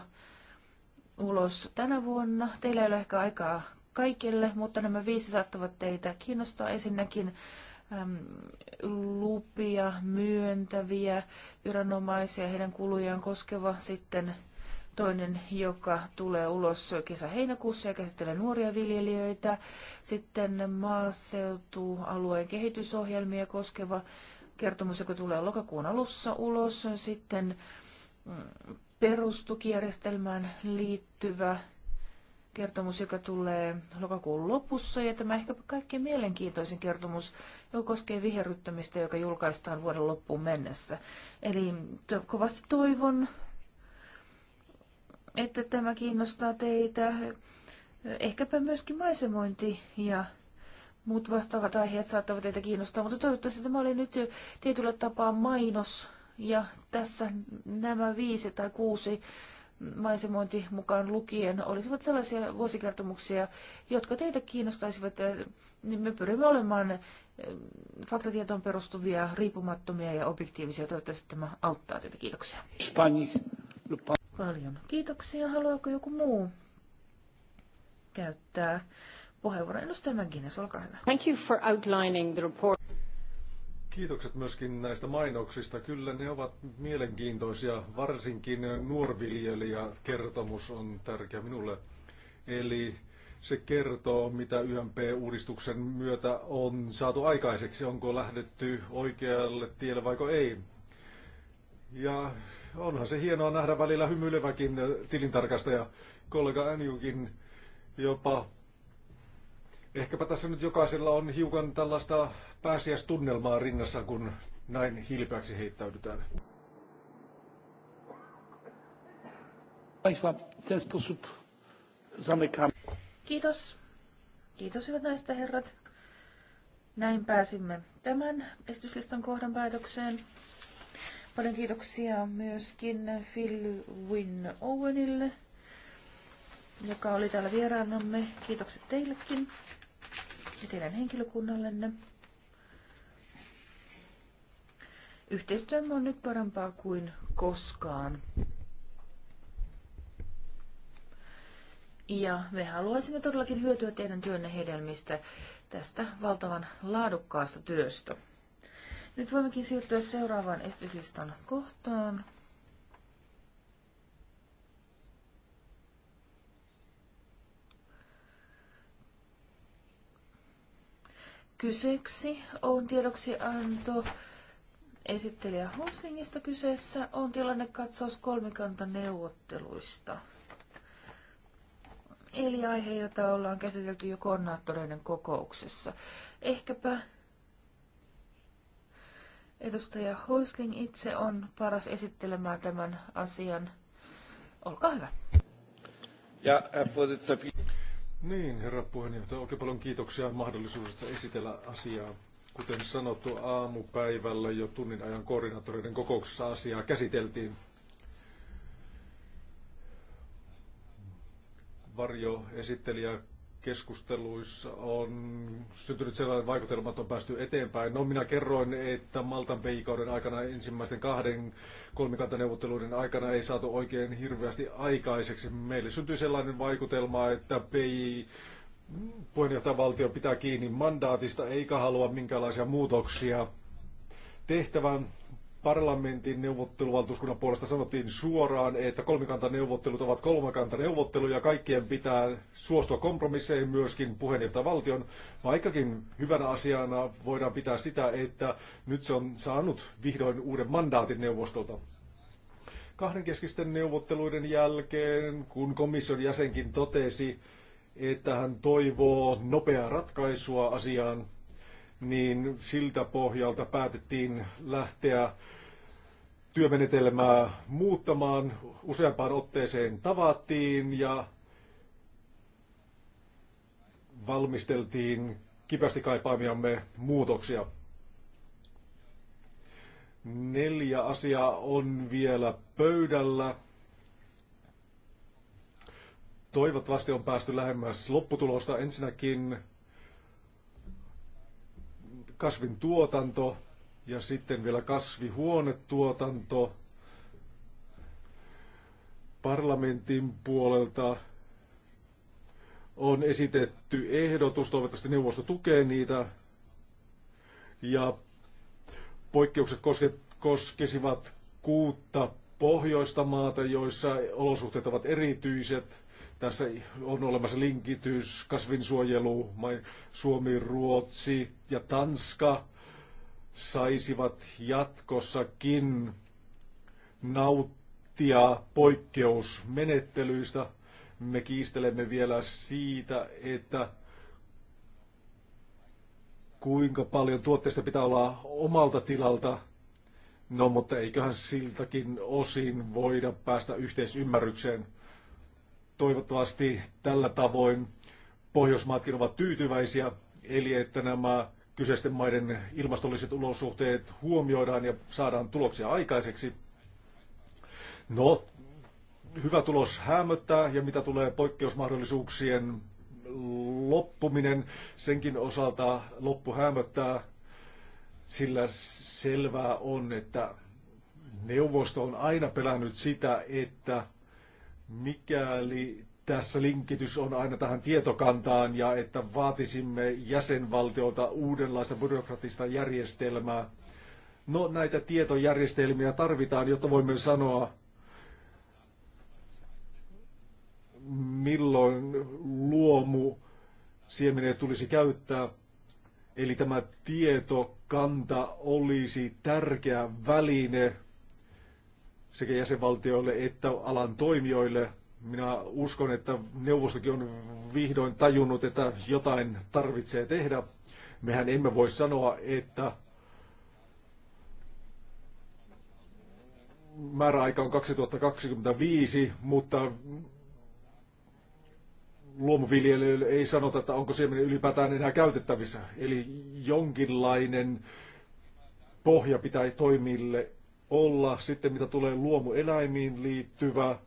ulos tänä vuonna. Teillä ei ole ehkä aikaa kaikille, mutta nämä viisi saattavat teitä kiinnostaa. Ensinnäkin äm, lupia myöntäviä viranomaisia, heidän kulujaan koskeva sitten toinen, joka tulee ulos kesä-heinäkuussa ja käsittelee nuoria viljelijöitä. Sitten maaseutualueen kehitysohjelmia koskeva kertomus, joka tulee lokakuun alussa ulos. Sitten mm, perustukijärjestelmään liittyvä kertomus, joka tulee lokakuun lopussa. Ja tämä ehkä kaikkein mielenkiintoisin kertomus, joka koskee viherryttämistä, joka julkaistaan vuoden loppuun mennessä. Eli kovasti toivon, että tämä kiinnostaa teitä. Ehkäpä myöskin maisemointi ja muut vastaavat aiheet saattavat teitä kiinnostaa, mutta toivottavasti tämä oli nyt tietyllä tapaa mainos ja tässä nämä viisi tai kuusi maisemointi mukaan lukien olisivat sellaisia vuosikertomuksia, jotka teitä kiinnostaisivat. niin Me pyrimme olemaan faktatietoon perustuvia, riippumattomia ja objektiivisia. Toivottavasti tämä auttaa teitä. Kiitoksia. Paljon kiitoksia. Haluaako joku muu käyttää puheenvuoron? Edustaja McGuinness, olkaa hyvä. Thank you for outlining the report. Kiitokset myöskin näistä mainoksista. Kyllä ne ovat mielenkiintoisia, varsinkin nuorviljelijä kertomus on tärkeä minulle. Eli se kertoo, mitä YMP-uudistuksen myötä on saatu aikaiseksi, onko lähdetty oikealle tielle vai ei. Ja onhan se hienoa nähdä välillä hymyileväkin tilintarkastaja, kollega Anjukin jopa. Ehkäpä tässä nyt jokaisella on hiukan tällaista pääsiäistunnelmaa rinnassa, kun näin hilpeäksi heittäydytään. Kiitos. Kiitos hyvät naiset herrat. Näin pääsimme tämän esityslistan kohdan päätökseen. Paljon kiitoksia myöskin Phil Win Owenille, joka oli täällä vieraanamme. Kiitokset teillekin ja teidän henkilökunnallenne. Yhteistyömme on nyt parempaa kuin koskaan. Ja me haluaisimme todellakin hyötyä teidän työnne hedelmistä tästä valtavan laadukkaasta työstä. Nyt voimmekin siirtyä seuraavaan esityslistan kohtaan. Kyseeksi on tiedoksianto esittelijä Hoslingista kyseessä on tilannekatsaus kolmikantaneuvotteluista. Eli aihe, jota ollaan käsitelty jo koordinaattoreiden kokouksessa. Ehkäpä Edustaja Hoisling itse on paras esittelemään tämän asian. Olkaa hyvä. Ja, äh, niin, herra puheenjohtaja, oikein paljon kiitoksia mahdollisuudesta esitellä asiaa. Kuten sanottu, aamupäivällä jo tunnin ajan koordinaattoreiden kokouksessa asiaa käsiteltiin. Varjo esittelijä keskusteluissa on syntynyt sellainen vaikutelma, että on päästy eteenpäin. No minä kerroin, että Maltan peikauden aikana ensimmäisten kahden kolmikantaneuvotteluiden aikana ei saatu oikein hirveästi aikaiseksi. Meille syntyi sellainen vaikutelma, että PI puheenjohtajavaltio pitää kiinni mandaatista eikä halua minkälaisia muutoksia tehtävän parlamentin neuvotteluvaltuuskunnan puolesta sanottiin suoraan, että kolmikantaneuvottelut ovat kolmikantaneuvotteluja. ja Kaikkien pitää suostua kompromisseihin myöskin puheenjohtajavaltion, vaikkakin hyvänä asiana voidaan pitää sitä, että nyt se on saanut vihdoin uuden mandaatin neuvostolta. Kahdenkeskisten neuvotteluiden jälkeen, kun komission jäsenkin totesi, että hän toivoo nopeaa ratkaisua asiaan, niin siltä pohjalta päätettiin lähteä työmenetelmää muuttamaan. Useampaan otteeseen tavattiin ja valmisteltiin kipästi kaipaamiamme muutoksia. Neljä asiaa on vielä pöydällä. Toivottavasti on päästy lähemmäs lopputulosta. Ensinnäkin kasvin tuotanto ja sitten vielä kasvihuonetuotanto parlamentin puolelta on esitetty ehdotus, toivottavasti neuvosto tukee niitä, ja poikkeukset koskisivat kuutta pohjoista maata, joissa olosuhteet ovat erityiset – tässä on olemassa linkitys, kasvinsuojelu, Suomi, Ruotsi ja Tanska saisivat jatkossakin nauttia poikkeusmenettelyistä. Me kiistelemme vielä siitä, että kuinka paljon tuotteista pitää olla omalta tilalta. No, mutta eiköhän siltäkin osin voida päästä yhteisymmärrykseen toivottavasti tällä tavoin Pohjoismaatkin ovat tyytyväisiä, eli että nämä kyseisten maiden ilmastolliset olosuhteet huomioidaan ja saadaan tuloksia aikaiseksi. No, hyvä tulos hämöttää ja mitä tulee poikkeusmahdollisuuksien loppuminen, senkin osalta loppu hämöttää, sillä selvää on, että neuvosto on aina pelännyt sitä, että mikäli tässä linkitys on aina tähän tietokantaan ja että vaatisimme jäsenvaltiolta uudenlaista byrokratista järjestelmää. No näitä tietojärjestelmiä tarvitaan, jotta voimme sanoa, milloin luomu siemeneet tulisi käyttää. Eli tämä tietokanta olisi tärkeä väline sekä jäsenvaltioille että alan toimijoille. Minä uskon, että neuvostokin on vihdoin tajunnut, että jotain tarvitsee tehdä. Mehän emme voi sanoa, että määräaika on 2025, mutta luomuviljelijöille ei sanota, että onko siemen ylipäätään enää käytettävissä. Eli jonkinlainen pohja pitää toimille olla. Sitten mitä tulee luomueläimiin liittyvä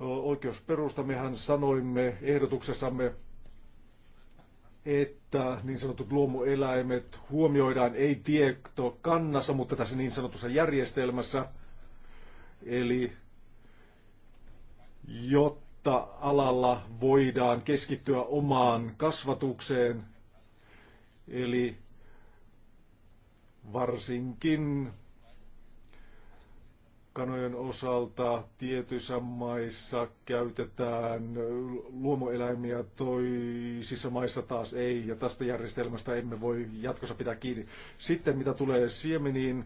oikeusperusta, mehän sanoimme ehdotuksessamme, että niin sanotut luomueläimet huomioidaan ei tieto kannassa, mutta tässä niin sanotussa järjestelmässä. Eli jotta alalla voidaan keskittyä omaan kasvatukseen, eli varsinkin kanojen osalta tietyissä maissa käytetään luomueläimiä, toisissa maissa taas ei, ja tästä järjestelmästä emme voi jatkossa pitää kiinni. Sitten mitä tulee siemeniin,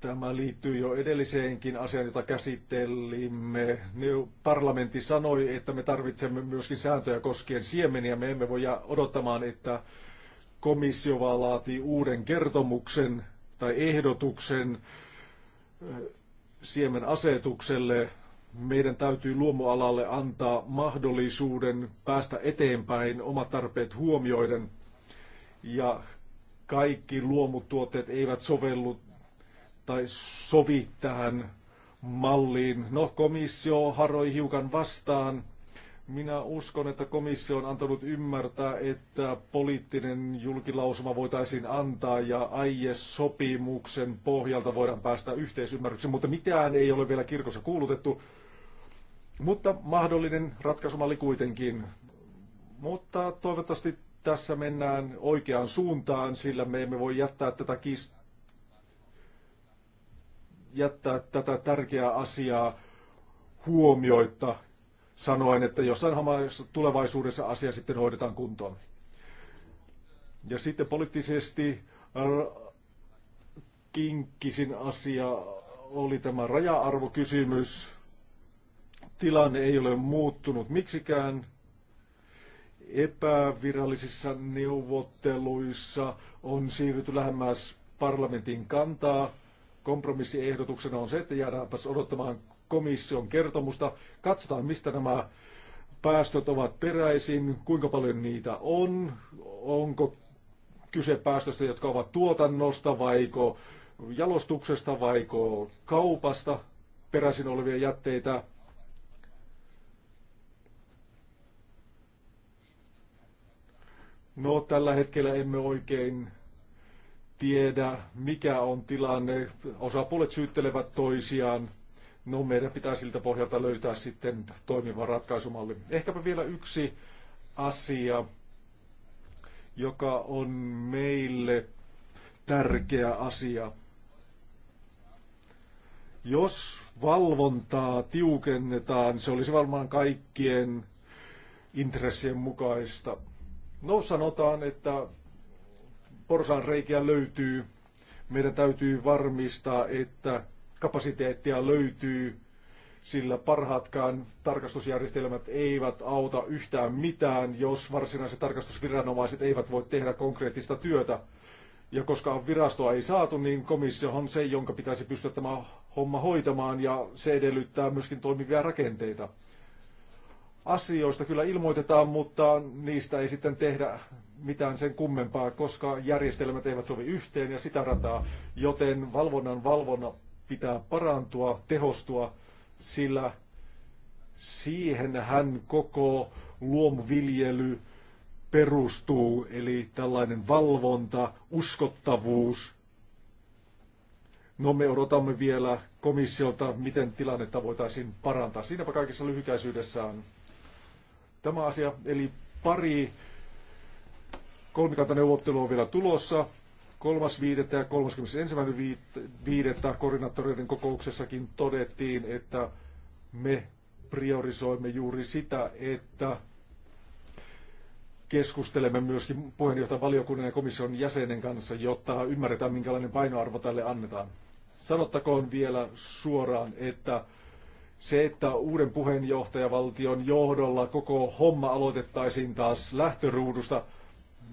Tämä liittyy jo edelliseenkin asiaan, jota käsittelimme. Parlamentti sanoi, että me tarvitsemme myöskin sääntöjä koskien siemeniä. Me emme voi odottamaan, että komissio vaan laatii uuden kertomuksen tai ehdotuksen siemen asetukselle meidän täytyy luomualalle antaa mahdollisuuden päästä eteenpäin omat tarpeet huomioiden. Ja kaikki luomutuotteet eivät sovellu tai sovi tähän malliin. No, komissio haroi hiukan vastaan minä uskon, että komissio on antanut ymmärtää, että poliittinen julkilausuma voitaisiin antaa ja aiesopimuksen pohjalta voidaan päästä yhteisymmärrykseen, mutta mitään ei ole vielä kirkossa kuulutettu. Mutta mahdollinen ratkaisumalli kuitenkin. Mutta toivottavasti tässä mennään oikeaan suuntaan, sillä me emme voi jättää tätä, kist- jättää tätä tärkeää asiaa huomioitta sanoen, että jossain tulevaisuudessa asia sitten hoidetaan kuntoon. Ja sitten poliittisesti äh, kinkkisin asia oli tämä raja-arvokysymys. Tilanne ei ole muuttunut miksikään. Epävirallisissa neuvotteluissa on siirrytty lähemmäs parlamentin kantaa. Kompromissiehdotuksena on se, että jäädäänpäs odottamaan komission kertomusta. Katsotaan, mistä nämä päästöt ovat peräisin, kuinka paljon niitä on, onko kyse päästöistä, jotka ovat tuotannosta, vaiko jalostuksesta, vaiko kaupasta peräisin olevia jätteitä. No, tällä hetkellä emme oikein tiedä, mikä on tilanne. Osapuolet syyttelevät toisiaan. No meidän pitää siltä pohjalta löytää sitten toimiva ratkaisumalli. Ehkäpä vielä yksi asia, joka on meille tärkeä asia. Jos valvontaa tiukennetaan, se olisi varmaan kaikkien intressien mukaista. No sanotaan, että reikiä löytyy. Meidän täytyy varmistaa, että kapasiteettia löytyy, sillä parhaatkaan tarkastusjärjestelmät eivät auta yhtään mitään, jos varsinaiset tarkastusviranomaiset eivät voi tehdä konkreettista työtä. Ja koska virastoa ei saatu, niin komissio on se, jonka pitäisi pystyä tämä homma hoitamaan, ja se edellyttää myöskin toimivia rakenteita. Asioista kyllä ilmoitetaan, mutta niistä ei sitten tehdä mitään sen kummempaa, koska järjestelmät eivät sovi yhteen ja sitä rataa, joten valvonnan valvonnan pitää parantua, tehostua, sillä siihen hän koko luomuviljely perustuu, eli tällainen valvonta, uskottavuus. No me odotamme vielä komissiolta, miten tilannetta voitaisiin parantaa. Siinäpä kaikessa lyhykäisyydessään tämä asia, eli pari kolmikantaneuvottelua on vielä tulossa. 3.5. ja 31.5. koordinaattoreiden kokouksessakin todettiin, että me priorisoimme juuri sitä, että keskustelemme myöskin puheenjohtajan valiokunnan ja komission jäsenen kanssa, jotta ymmärretään, minkälainen painoarvo tälle annetaan. Sanottakoon vielä suoraan, että se, että uuden puheenjohtajavaltion johdolla koko homma aloitettaisiin taas lähtöruudusta –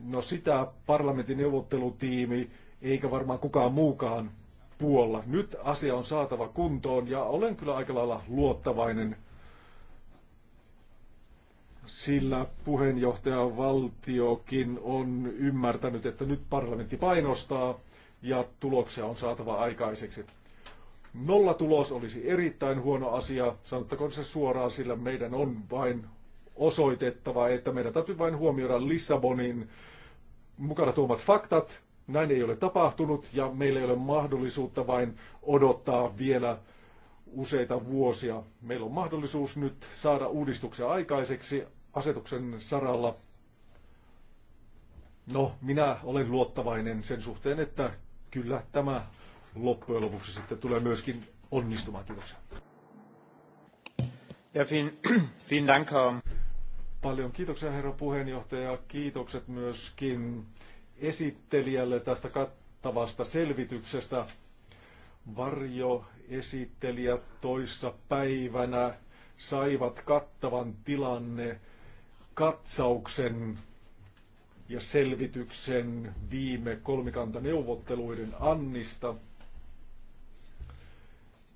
No sitä parlamentin neuvottelutiimi eikä varmaan kukaan muukaan puolla. Nyt asia on saatava kuntoon ja olen kyllä aika lailla luottavainen, sillä puheenjohtaja valtiokin on ymmärtänyt, että nyt parlamentti painostaa ja tuloksia on saatava aikaiseksi. Nollatulos olisi erittäin huono asia, sanottakoon se suoraan, sillä meidän on vain osoitettava, että meidän täytyy vain huomioida Lissabonin mukana tuomat faktat. Näin ei ole tapahtunut ja meillä ei ole mahdollisuutta vain odottaa vielä useita vuosia. Meillä on mahdollisuus nyt saada uudistuksia aikaiseksi asetuksen saralla. No, minä olen luottavainen sen suhteen, että kyllä tämä loppujen lopuksi sitten tulee myöskin onnistumaan. Kiitoksia. Ja fin, fin danke. Paljon kiitoksia herra puheenjohtaja. Kiitokset myöskin esittelijälle tästä kattavasta selvityksestä. Varjo esittelijät toissa päivänä saivat kattavan tilanne katsauksen ja selvityksen viime kolmikantaneuvotteluiden annista,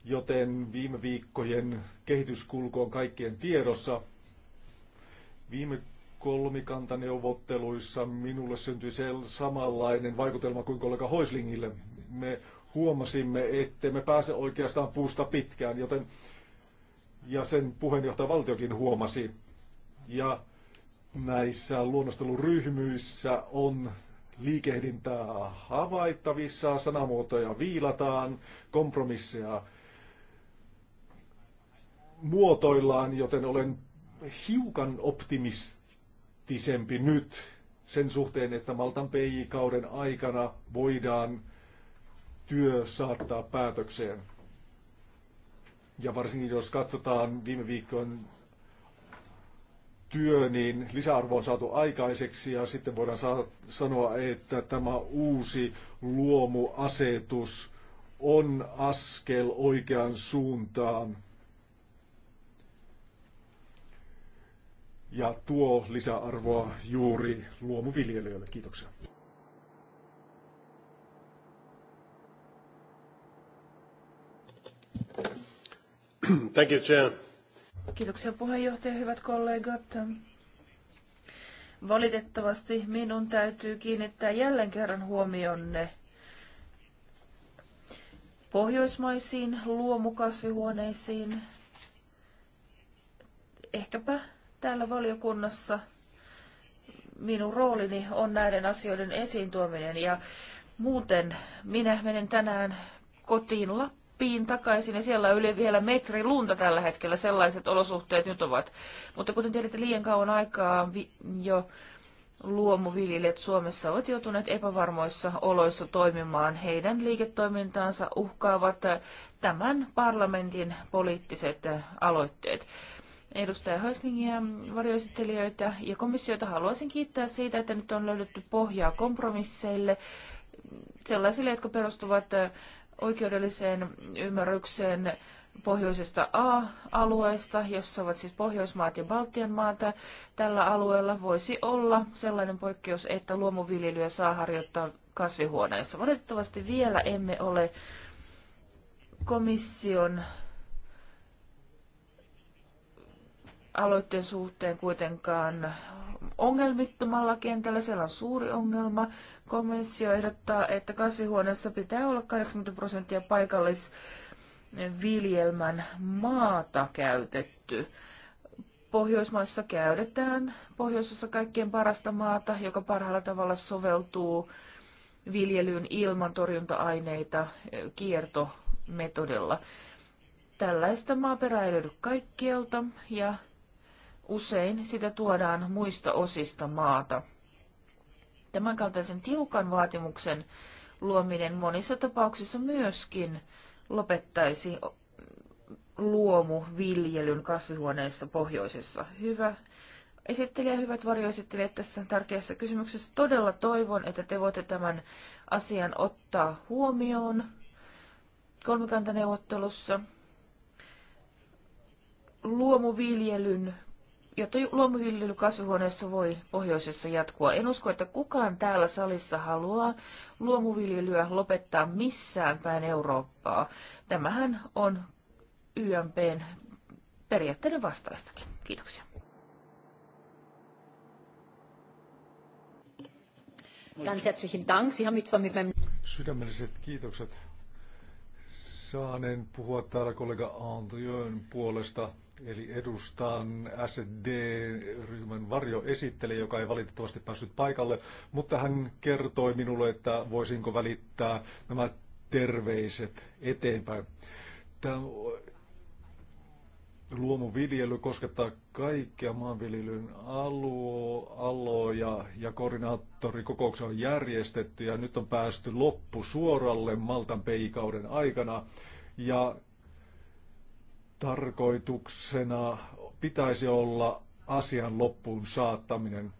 joten viime viikkojen kehityskulku on kaikkien tiedossa – Viime kolmikantaneuvotteluissa minulle syntyi se samanlainen vaikutelma kuin kollega Hoislingille. Me huomasimme, ettei me pääse oikeastaan puusta pitkään, joten ja sen puheenjohtaja valtiokin huomasi. Ja näissä luonnosteluryhmyissä on liikehdintää havaittavissa, sanamuotoja viilataan, kompromisseja muotoillaan, joten olen hiukan optimistisempi nyt sen suhteen, että Maltan PI-kauden aikana voidaan työ saattaa päätökseen. Ja varsinkin jos katsotaan viime viikon työ, niin lisäarvo on saatu aikaiseksi ja sitten voidaan saa, sanoa, että tämä uusi luomuasetus on askel oikeaan suuntaan ja tuo lisäarvoa juuri luomuviljelijöille. Kiitoksia. Thank you, Chair. Kiitoksia puheenjohtaja, hyvät kollegat. Valitettavasti minun täytyy kiinnittää jälleen kerran huomionne pohjoismaisiin luomukasvihuoneisiin. Ehkäpä täällä valiokunnassa minun roolini on näiden asioiden esiin tuominen ja muuten minä menen tänään kotiin Lappiin takaisin ja siellä on yli vielä metri lunta tällä hetkellä, sellaiset olosuhteet nyt ovat. Mutta kuten tiedätte, liian kauan aikaa jo luomuviljelijät Suomessa ovat joutuneet epävarmoissa oloissa toimimaan. Heidän liiketoimintaansa uhkaavat tämän parlamentin poliittiset aloitteet edustaja Höslingiä, varjoesittelijöitä ja komissiota. Haluaisin kiittää siitä, että nyt on löydetty pohjaa kompromisseille, sellaisille, jotka perustuvat oikeudelliseen ymmärrykseen pohjoisesta A-alueesta, jossa ovat siis Pohjoismaat ja Baltian maat, Tällä alueella voisi olla sellainen poikkeus, että luomuviljelyä saa harjoittaa kasvihuoneessa. Valitettavasti vielä emme ole komission aloitteen suhteen kuitenkaan ongelmittomalla kentällä. Siellä on suuri ongelma. Komissio ehdottaa, että kasvihuoneessa pitää olla 80 prosenttia paikallisviljelmän maata käytetty. Pohjoismaissa käytetään pohjoisessa kaikkien parasta maata, joka parhaalla tavalla soveltuu viljelyyn ilman torjunta-aineita kiertometodella. Tällaista maaperää ei löydy kaikkialta ja Usein sitä tuodaan muista osista maata. Tämänkaltaisen tiukan vaatimuksen luominen monissa tapauksissa myöskin lopettaisi luomuviljelyn kasvihuoneessa pohjoisessa. Hyvä esittelijä, hyvät varjoesittelijät tässä tärkeässä kysymyksessä. Todella toivon, että te voitte tämän asian ottaa huomioon kolmikantaneuvottelussa. Luomuviljelyn jotta luomuviljely kasvihuoneessa voi pohjoisessa jatkua. En usko, että kukaan täällä salissa haluaa luomuviljelyä lopettaa missään päin Eurooppaa. Tämähän on YMPn periaatteiden vastaistakin. Kiitoksia. Ganz herzlichen Dank. Sie haben mich mit meinem... Sydämelliset kiitokset. Saanen puhua täällä kollega Andriön puolesta. Eli edustan SD-ryhmän varjoesittele, joka ei valitettavasti päässyt paikalle, mutta hän kertoi minulle, että voisinko välittää nämä terveiset eteenpäin. Tämä luomuviljely koskettaa kaikkia maanviljelyn aloja ja koordinaattorikokouksia on järjestetty ja nyt on päästy loppusuoralle Maltan peikauden aikana. Ja tarkoituksena pitäisi olla asian loppuun saattaminen.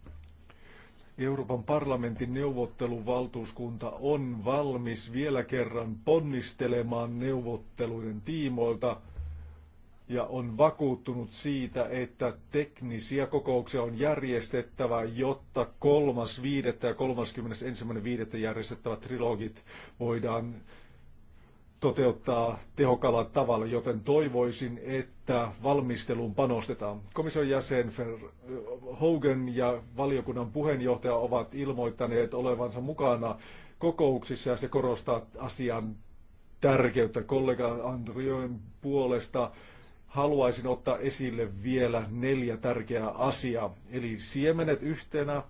Euroopan parlamentin neuvotteluvaltuuskunta on valmis vielä kerran ponnistelemaan neuvotteluiden tiimoilta ja on vakuuttunut siitä, että teknisiä kokouksia on järjestettävä, jotta 3.5. ja 31.5. järjestettävät trilogit voidaan toteuttaa tehokalla tavalla, joten toivoisin, että valmisteluun panostetaan. Komission jäsen Hogan ja valiokunnan puheenjohtaja ovat ilmoittaneet olevansa mukana kokouksissa ja se korostaa asian tärkeyttä. Kollega Andrion puolesta haluaisin ottaa esille vielä neljä tärkeää asiaa, eli siemenet yhtenä,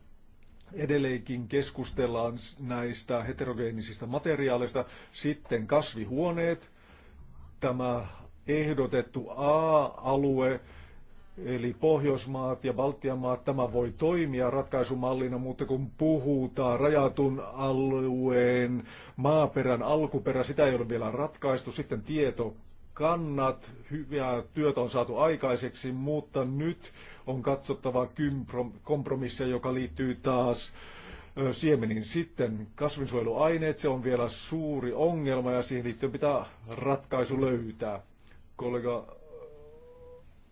edelleenkin keskustellaan näistä heterogeenisistä materiaaleista. Sitten kasvihuoneet, tämä ehdotettu A-alue, eli Pohjoismaat ja Baltian maat, tämä voi toimia ratkaisumallina, mutta kun puhutaan rajatun alueen maaperän alkuperä, sitä ei ole vielä ratkaistu. Sitten tieto kannat, hyvää työtä on saatu aikaiseksi, mutta nyt on katsottava kompromissia, joka liittyy taas siemenin sitten kasvinsuojeluaineet, se on vielä suuri ongelma ja siihen liittyen pitää ratkaisu löytää. Kollega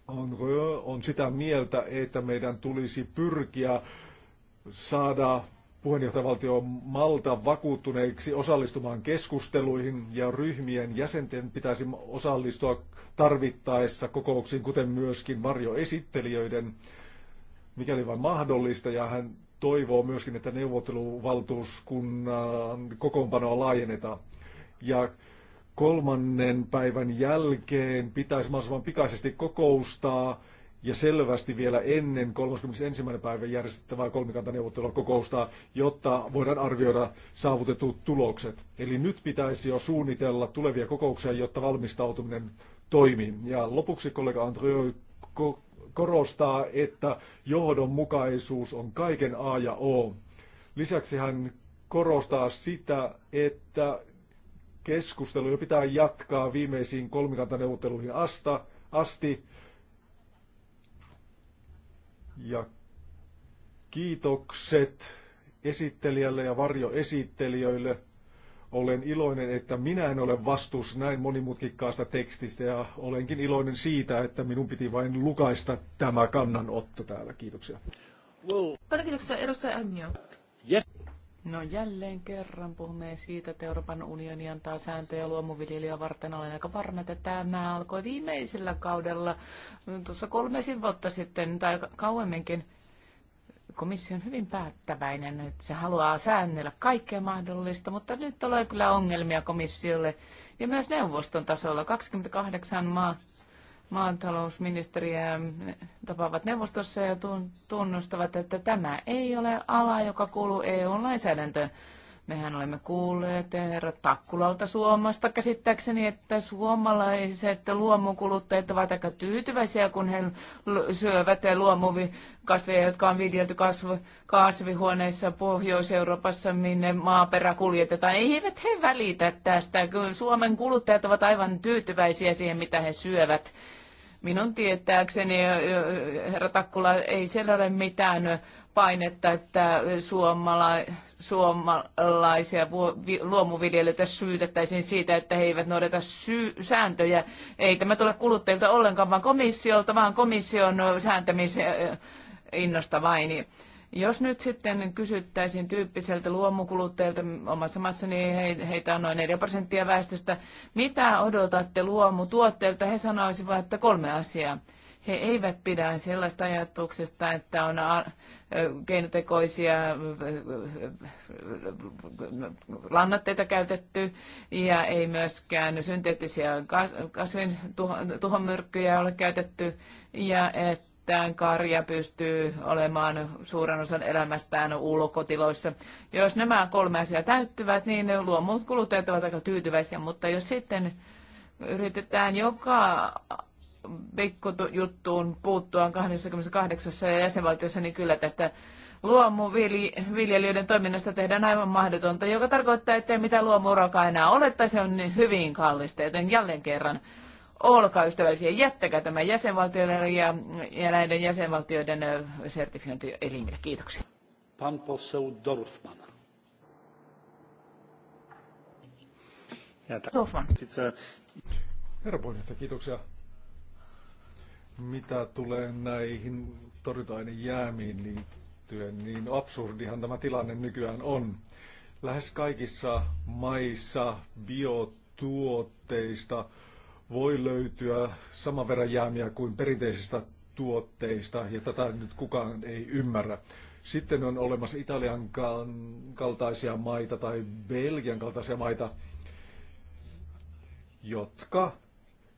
Andre on sitä mieltä, että meidän tulisi pyrkiä saada puheenjohtajavaltio Malta vakuuttuneiksi osallistumaan keskusteluihin ja ryhmien jäsenten pitäisi osallistua tarvittaessa kokouksiin, kuten myöskin varjoesittelijöiden, mikäli vain mahdollista, ja hän toivoo myöskin, että neuvotteluvaltuuskunnan kokoonpanoa laajennetaan. Ja kolmannen päivän jälkeen pitäisi mahdollisimman pikaisesti kokoustaa ja selvästi vielä ennen 31. päivä järjestettävää kolmikantaneuvottelua kokousta, jotta voidaan arvioida saavutetut tulokset. Eli nyt pitäisi jo suunnitella tulevia kokouksia, jotta valmistautuminen toimii. Ja lopuksi kollega Andrew korostaa, että johdonmukaisuus on kaiken A ja O. Lisäksi hän korostaa sitä, että jo pitää jatkaa viimeisiin kolmikantaneuvotteluihin asti, ja kiitokset esittelijälle ja varjoesittelijöille. Olen iloinen, että minä en ole vastuussa näin monimutkikkaasta tekstistä ja olenkin iloinen siitä, että minun piti vain lukaista tämä kannanotto täällä. Kiitoksia. Well. Paljon kiitoksia edustaja Agnio. Yes. No jälleen kerran puhumme siitä, että Euroopan unioni antaa sääntöjä luomuviljelijöä varten. Olen aika varma, että tämä alkoi viimeisellä kaudella, tuossa kolmesin vuotta sitten tai kauemminkin. Komissio on hyvin päättäväinen, että se haluaa säännellä kaikkea mahdollista, mutta nyt tulee kyllä ongelmia komissiolle ja myös neuvoston tasolla. 28 maa maantalousministeriä tapaavat neuvostossa ja tunnustavat, että tämä ei ole ala, joka kuuluu EU-lainsäädäntöön. Mehän olemme kuulleet herra Takkulalta Suomasta käsittääkseni, että suomalaiset luomukuluttajat ovat aika tyytyväisiä, kun he syövät luomukasveja, jotka on viljelty kasv- kasvihuoneissa Pohjois-Euroopassa, minne maaperä kuljetetaan. Ei eivät he välitä tästä. Suomen kuluttajat ovat aivan tyytyväisiä siihen, mitä he syövät. Minun tietääkseni, herra Takkula, ei siellä ole mitään painetta, että suomala, suomalaisia luomuviljelijöitä syytettäisiin siitä, että he eivät noudata sy- sääntöjä. Ei tämä tule kuluttajilta ollenkaan, vaan komissiolta, vaan komission sääntämisen innosta vain. Jos nyt sitten kysyttäisiin tyyppiseltä luomukuluttajalta omassa maassani, heitä on noin 4 prosenttia väestöstä, mitä odotatte luomutuotteilta, he sanoisivat, että kolme asiaa. He eivät pidä sellaista ajatuksesta, että on äh, keinotekoisia äh, äh, lannatteita käytetty ja ei myöskään synteettisiä kasvin ole käytetty ja että mitään. Karja pystyy olemaan suuren osan elämästään ulkotiloissa. Jos nämä kolme asiaa täyttyvät, niin luomut kuluttajat ovat aika tyytyväisiä, mutta jos sitten yritetään joka juttuun puuttua 28 jäsenvaltiossa, niin kyllä tästä luomuviljelijöiden toiminnasta tehdään aivan mahdotonta, joka tarkoittaa, että mitään luomuurakaa enää ole, tai se on hyvin kallista, joten jälleen kerran olkaa ystävällisiä, jättäkää tämä jäsenvaltioiden ja, ja näiden jäsenvaltioiden sertifiointi elimille. Kiitoksia. Pan poseł Dorfman. Dorfman. Herra puheenjohtaja, kiitoksia. Mitä tulee näihin torjunta jäämiin liittyen, niin absurdihan tämä tilanne nykyään on. Lähes kaikissa maissa biotuotteista voi löytyä saman verran jäämiä kuin perinteisistä tuotteista, ja tätä nyt kukaan ei ymmärrä. Sitten on olemassa Italian kaltaisia maita tai Belgian kaltaisia maita, jotka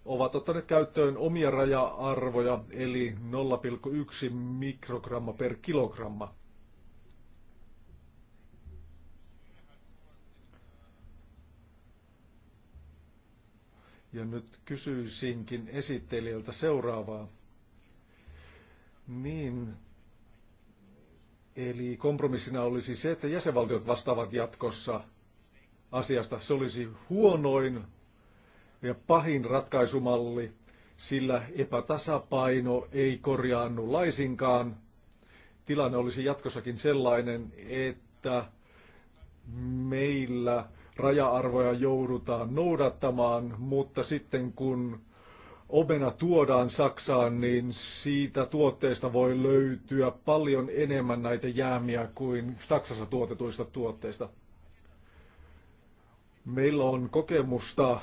ovat ottaneet käyttöön omia raja-arvoja, eli 0,1 mikrogramma per kilogramma. Ja nyt kysyisinkin esittelijältä seuraavaa. Niin, eli kompromissina olisi se, että jäsenvaltiot vastaavat jatkossa asiasta. Se olisi huonoin ja pahin ratkaisumalli, sillä epätasapaino ei korjaannu laisinkaan. Tilanne olisi jatkossakin sellainen, että meillä raja-arvoja joudutaan noudattamaan, mutta sitten kun omena tuodaan Saksaan, niin siitä tuotteesta voi löytyä paljon enemmän näitä jäämiä kuin Saksassa tuotetuista tuotteista. Meillä on kokemusta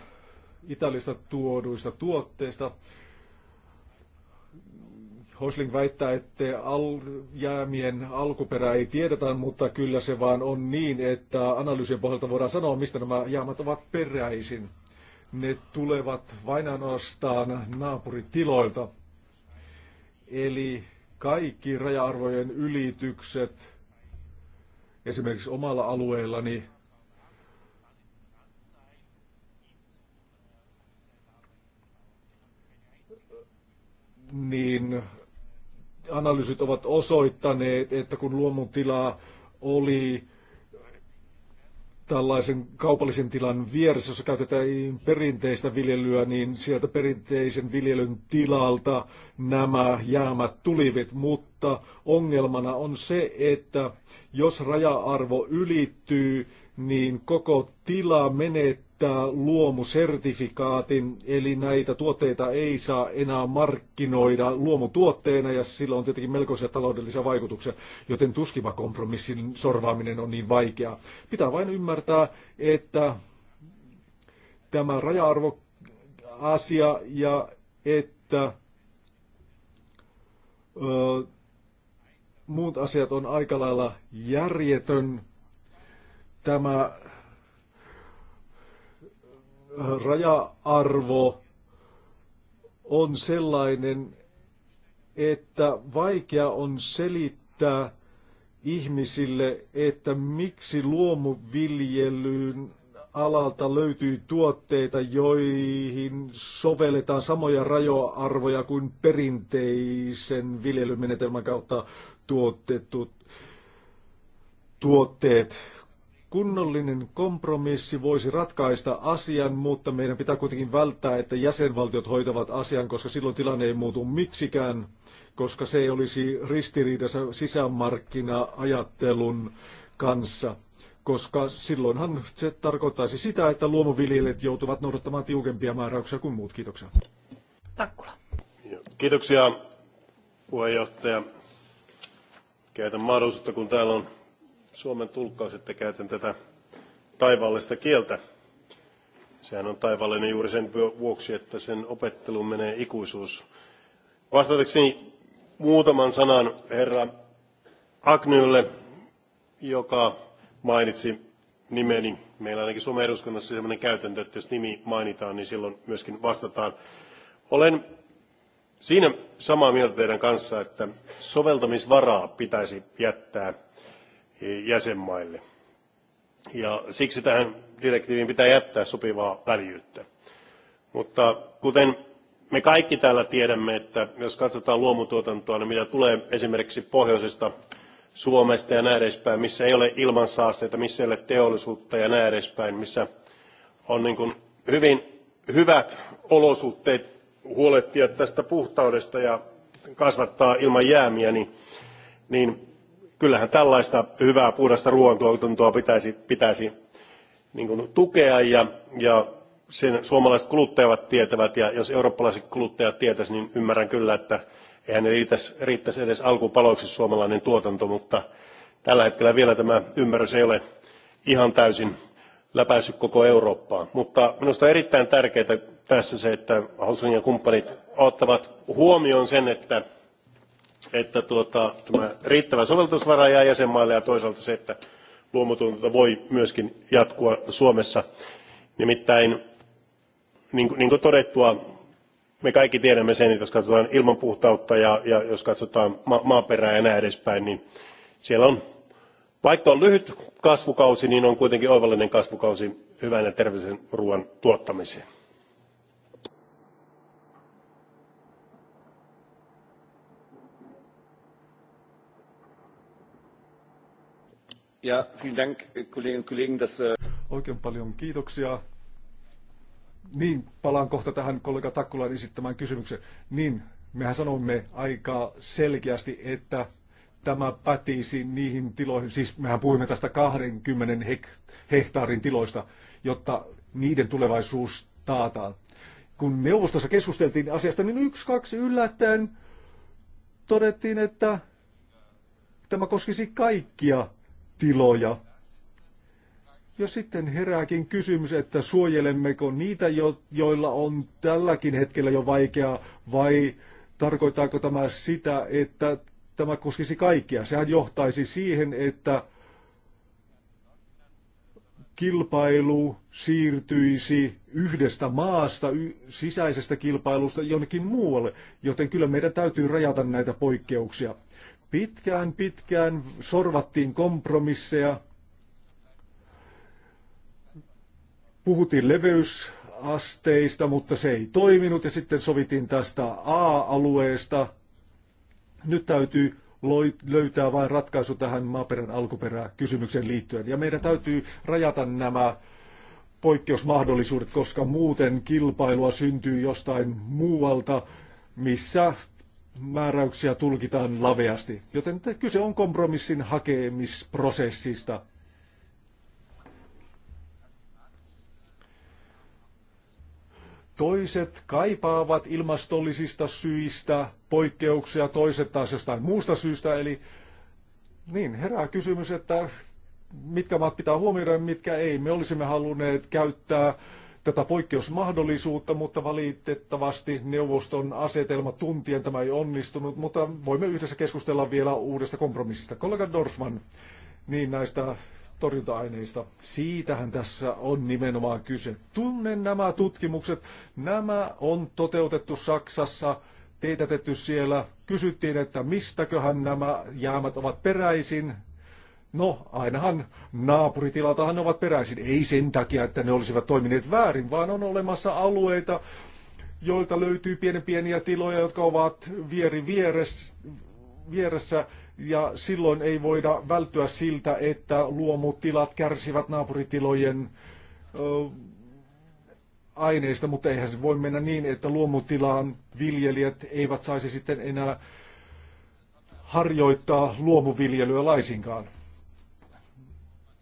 Italiasta tuoduista tuotteista. Hoisling väittää, että al- jäämien alkuperä ei tiedetä, mutta kyllä se vaan on niin, että analyysien pohjalta voidaan sanoa, mistä nämä jäämät ovat peräisin. Ne tulevat vain ainoastaan naapuritiloilta. Eli kaikki raja-arvojen ylitykset, esimerkiksi omalla alueellani, niin analyysit ovat osoittaneet, että kun luomun tila oli tällaisen kaupallisen tilan vieressä, jossa käytetään perinteistä viljelyä, niin sieltä perinteisen viljelyn tilalta nämä jäämät tulivat, mutta ongelmana on se, että jos raja-arvo ylittyy, niin koko tila menettää esittää luomusertifikaatin, eli näitä tuotteita ei saa enää markkinoida luomutuotteena, ja sillä on tietenkin melkoisia taloudellisia vaikutuksia, joten tuskiva kompromissin sorvaaminen on niin vaikeaa. Pitää vain ymmärtää, että tämä raja-arvo asia ja että ö, muut asiat on aika lailla järjetön tämä raja-arvo on sellainen, että vaikea on selittää ihmisille, että miksi luomuviljelyyn alalta löytyy tuotteita, joihin sovelletaan samoja rajoarvoja kuin perinteisen viljelymenetelmän kautta tuotetut tuotteet. Kunnollinen kompromissi voisi ratkaista asian, mutta meidän pitää kuitenkin välttää, että jäsenvaltiot hoitavat asian, koska silloin tilanne ei muutu miksikään, koska se ei olisi ristiriidassa sisämarkkina-ajattelun kanssa. Koska silloinhan se tarkoittaisi sitä, että luomuviljelijät joutuvat noudattamaan tiukempia määräyksiä kuin muut. Kiitoksia. Takkula. Kiitoksia puheenjohtaja. Käytän mahdollisuutta, kun täällä on Suomen tulkkaus, että käytän tätä taivaallista kieltä. Sehän on taivaallinen juuri sen vuoksi, että sen opetteluun menee ikuisuus. Vastatakseni muutaman sanan herra Agnylle, joka mainitsi nimeni. Meillä ainakin Suomen eduskunnassa sellainen käytäntö, että jos nimi mainitaan, niin silloin myöskin vastataan. Olen siinä samaa mieltä teidän kanssa, että soveltamisvaraa pitäisi jättää jäsenmaille. Ja siksi tähän direktiiviin pitää jättää sopivaa väljyyttä. Mutta kuten me kaikki täällä tiedämme, että jos katsotaan luomutuotantoa, niin mitä tulee esimerkiksi pohjoisesta Suomesta ja näin edespäin, missä ei ole ilmansaasteita, missä ei ole teollisuutta ja näin edespäin, missä on niin kuin hyvin hyvät olosuhteet huolehtia tästä puhtaudesta ja kasvattaa ilman jäämiä, niin, niin kyllähän tällaista hyvää puhdasta ruoantuotantoa pitäisi, pitäisi niin kuin tukea ja, ja sen suomalaiset kuluttajat tietävät ja jos eurooppalaiset kuluttajat tietäisi, niin ymmärrän kyllä, että eihän ne riittäisi, riittäisi edes alkupaloiksi suomalainen tuotanto, mutta tällä hetkellä vielä tämä ymmärrys ei ole ihan täysin läpäissyt koko Eurooppaa. Mutta minusta on erittäin tärkeää tässä se, että Hausling ja kumppanit ottavat huomioon sen, että että tuota, tämä riittävä soveltusvara jää jäsenmaille ja toisaalta se, että luomutuotanto voi myöskin jatkua Suomessa. Nimittäin, niin, niin kuin todettua, me kaikki tiedämme sen, että jos katsotaan ilman puhtautta ja, ja jos katsotaan ma- maaperää ja näin edespäin, niin siellä on, vaikka on lyhyt kasvukausi, niin on kuitenkin oivallinen kasvukausi hyvän ja terveellisen ruoan tuottamiseen. Ja, vielen Dank, Kolleginnen und Kollegen, dass... Äh, Oikein paljon kiitoksia. Niin, palaan kohta tähän kollega Takkulan esittämään kysymykseen. Niin, mehän sanomme aika selkeästi, että tämä pätisi niihin tiloihin, siis mehän puhumme tästä 20 hehtaarin tiloista, jotta niiden tulevaisuus taataan. Kun neuvostossa keskusteltiin asiasta, niin yksi, kaksi yllättäen todettiin, että tämä koskisi kaikkia tiloja. Ja sitten herääkin kysymys, että suojelemmeko niitä, joilla on tälläkin hetkellä jo vaikeaa, vai tarkoittaako tämä sitä, että tämä koskisi kaikkia? Sehän johtaisi siihen, että kilpailu siirtyisi yhdestä maasta, sisäisestä kilpailusta jonnekin muualle, joten kyllä meidän täytyy rajata näitä poikkeuksia. Pitkään, pitkään sorvattiin kompromisseja, puhuttiin leveysasteista, mutta se ei toiminut ja sitten sovitin tästä A-alueesta. Nyt täytyy löytää vain ratkaisu tähän maaperän alkuperäkysymykseen liittyen. Ja meidän täytyy rajata nämä poikkeusmahdollisuudet, koska muuten kilpailua syntyy jostain muualta, missä määräyksiä tulkitaan laveasti, joten kyse on kompromissin hakemisprosessista. Toiset kaipaavat ilmastollisista syistä poikkeuksia, toiset taas jostain muusta syystä, eli niin, herää kysymys, että mitkä maat pitää huomioida ja mitkä ei. Me olisimme halunneet käyttää tätä poikkeusmahdollisuutta, mutta valitettavasti neuvoston asetelma tuntien tämä ei onnistunut, mutta voimme yhdessä keskustella vielä uudesta kompromissista. Kollega Dorfman, niin näistä torjunta-aineista. Siitähän tässä on nimenomaan kyse. Tunnen nämä tutkimukset. Nämä on toteutettu Saksassa, teetätetty siellä. Kysyttiin, että mistäköhän nämä jäämät ovat peräisin. No, ainahan naapuritilaltahan ne ovat peräisin. Ei sen takia, että ne olisivat toimineet väärin, vaan on olemassa alueita, joilta löytyy pienen pieniä tiloja, jotka ovat vieri vieressä, vieressä ja silloin ei voida välttyä siltä, että luomutilat kärsivät naapuritilojen ö, aineista, mutta eihän se voi mennä niin, että luomutilaan viljelijät eivät saisi sitten enää harjoittaa luomuviljelyä laisinkaan.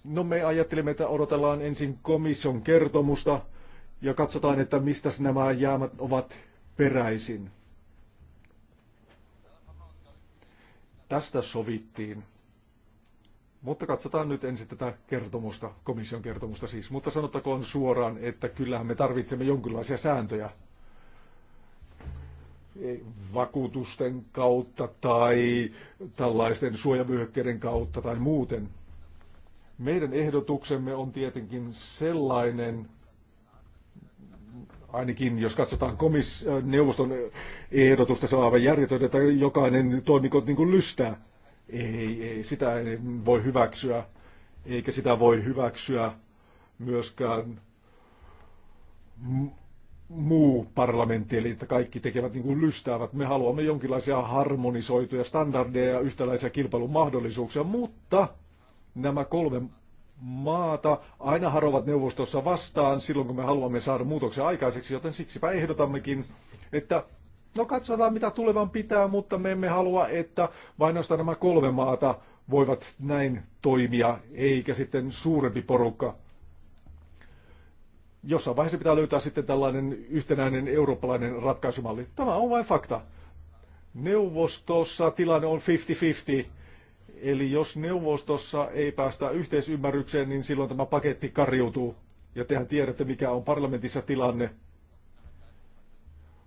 No me ajattelimme, että odotellaan ensin komission kertomusta ja katsotaan, että mistä nämä jäämät ovat peräisin. Tästä sovittiin. Mutta katsotaan nyt ensin tätä kertomusta, komission kertomusta siis. Mutta sanottakoon suoraan, että kyllähän me tarvitsemme jonkinlaisia sääntöjä vakuutusten kautta tai tällaisten suojavyöhykkeiden kautta tai muuten – meidän ehdotuksemme on tietenkin sellainen, ainakin jos katsotaan komis- äh, neuvoston ehdotusta, se on aivan järjetön, että jokainen toimikot niin kuin lystää. Ei, ei, sitä ei voi hyväksyä, eikä sitä voi hyväksyä myöskään muu parlamentti, eli että kaikki tekevät niin kuin lystäävät. Me haluamme jonkinlaisia harmonisoituja standardeja ja yhtäläisiä kilpailumahdollisuuksia, mutta nämä kolme maata aina harovat neuvostossa vastaan silloin, kun me haluamme saada muutoksen aikaiseksi, joten siksipä ehdotammekin, että no katsotaan mitä tulevan pitää, mutta me emme halua, että vain nämä kolme maata voivat näin toimia, eikä sitten suurempi porukka. Jossain vaiheessa pitää löytää sitten tällainen yhtenäinen eurooppalainen ratkaisumalli. Tämä on vain fakta. Neuvostossa tilanne on 50-50 Eli jos neuvostossa ei päästä yhteisymmärrykseen, niin silloin tämä paketti karjutuu. Ja tehän tiedätte, mikä on parlamentissa tilanne.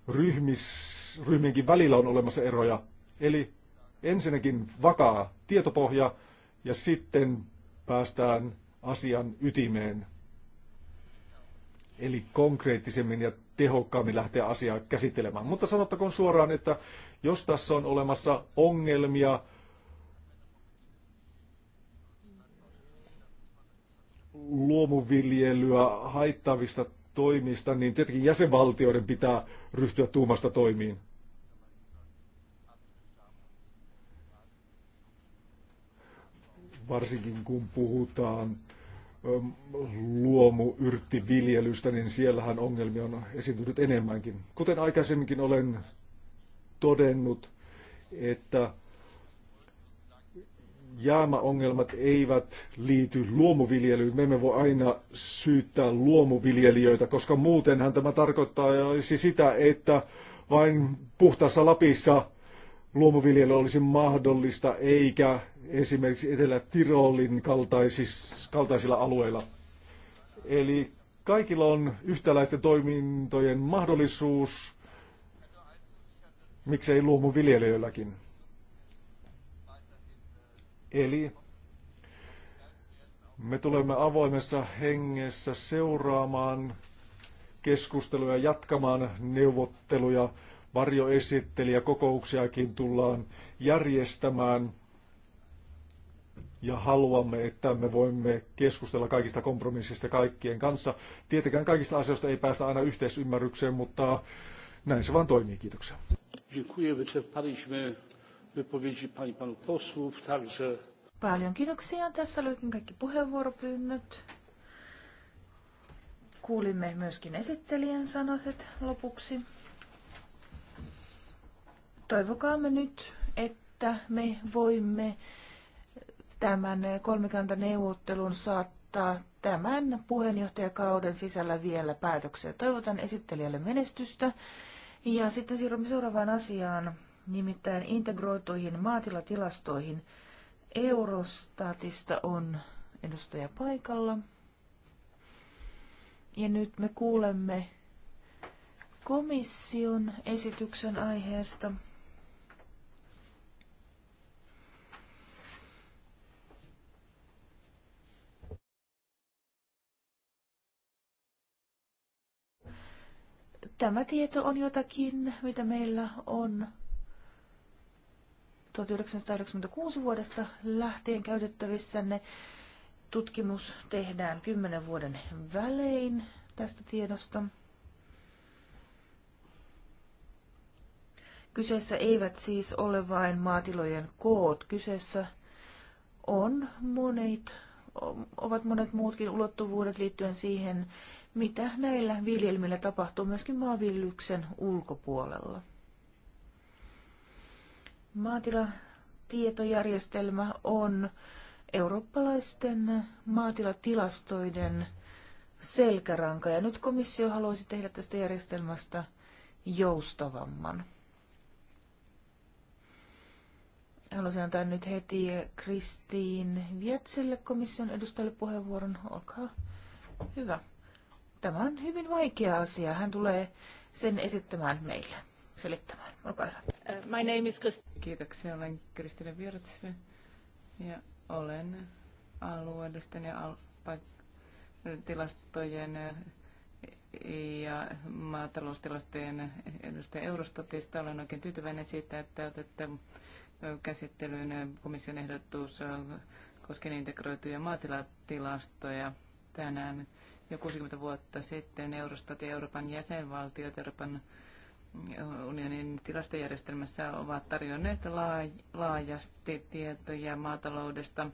Ryhmis, ryhmienkin välillä on olemassa eroja. Eli ensinnäkin vakaa tietopohja ja sitten päästään asian ytimeen. Eli konkreettisemmin ja tehokkaammin lähteä asiaa käsittelemään. Mutta sanottakoon suoraan, että jos tässä on olemassa ongelmia, luomuviljelyä haittavista toimista, niin tietenkin jäsenvaltioiden pitää ryhtyä tuumasta toimiin. Varsinkin kun puhutaan ähm, luomuyrttiviljelystä, niin siellähän ongelmia on esiintynyt enemmänkin. Kuten aikaisemminkin olen todennut, että jäämäongelmat eivät liity luomuviljelyyn. Me emme voi aina syyttää luomuviljelijöitä, koska muutenhan tämä olisi sitä, että vain puhtaassa Lapissa luomuviljely olisi mahdollista, eikä esimerkiksi Etelä-Tirolin kaltaisilla alueilla. Eli kaikilla on yhtäläisten toimintojen mahdollisuus, miksei luomuviljelijöilläkin. Eli me tulemme avoimessa hengessä seuraamaan keskusteluja, jatkamaan neuvotteluja, varjoesittelijä kokouksiakin tullaan järjestämään. Ja haluamme, että me voimme keskustella kaikista kompromissista kaikkien kanssa. Tietenkään kaikista asioista ei päästä aina yhteisymmärrykseen, mutta näin se vaan toimii. Kiitoksia wypowiedzi pań i panów posłów, także... Paljon kiitoksia. Tässä olivatkin kaikki puheenvuoropyynnöt. Kuulimme myöskin esittelijän sanaset lopuksi. Toivokaamme nyt, että me voimme tämän kolmikantaneuvottelun saattaa tämän puheenjohtajakauden sisällä vielä päätökseen. Toivotan esittelijälle menestystä. Ja sitten siirrymme seuraavaan asiaan nimittäin integroituihin maatilatilastoihin. Eurostatista on edustaja paikalla. Ja nyt me kuulemme komission esityksen aiheesta. Tämä tieto on jotakin, mitä meillä on 1996 vuodesta lähtien käytettävissänne. Tutkimus tehdään 10 vuoden välein tästä tiedosta. Kyseessä eivät siis ole vain maatilojen koot. Kyseessä on monet, ovat monet muutkin ulottuvuudet liittyen siihen, mitä näillä viljelmillä tapahtuu myöskin maanviljelyksen ulkopuolella maatilatietojärjestelmä on eurooppalaisten maatilatilastoiden selkäranka. Ja nyt komissio haluaisi tehdä tästä järjestelmästä joustavamman. Haluaisin antaa nyt heti Kristiin Vietselle komission edustajalle puheenvuoron. Olkaa hyvä. Tämä on hyvin vaikea asia. Hän tulee sen esittämään meille selittämään. Olkaa hyvä. Uh, my name is Christ- Kiitoksia, olen Kristina Virts ja olen alueellisten ja al- tilastojen ja maataloustilastojen edustaja Eurostatista. Olen oikein tyytyväinen siitä, että otette käsittelyyn komission ehdotus koskien integroituja maatilatilastoja tänään jo 60 vuotta sitten Eurostat ja Euroopan jäsenvaltiot, Euroopan unionin tilastojärjestelmässä ovat tarjonneet laajasti tietoja maataloudesta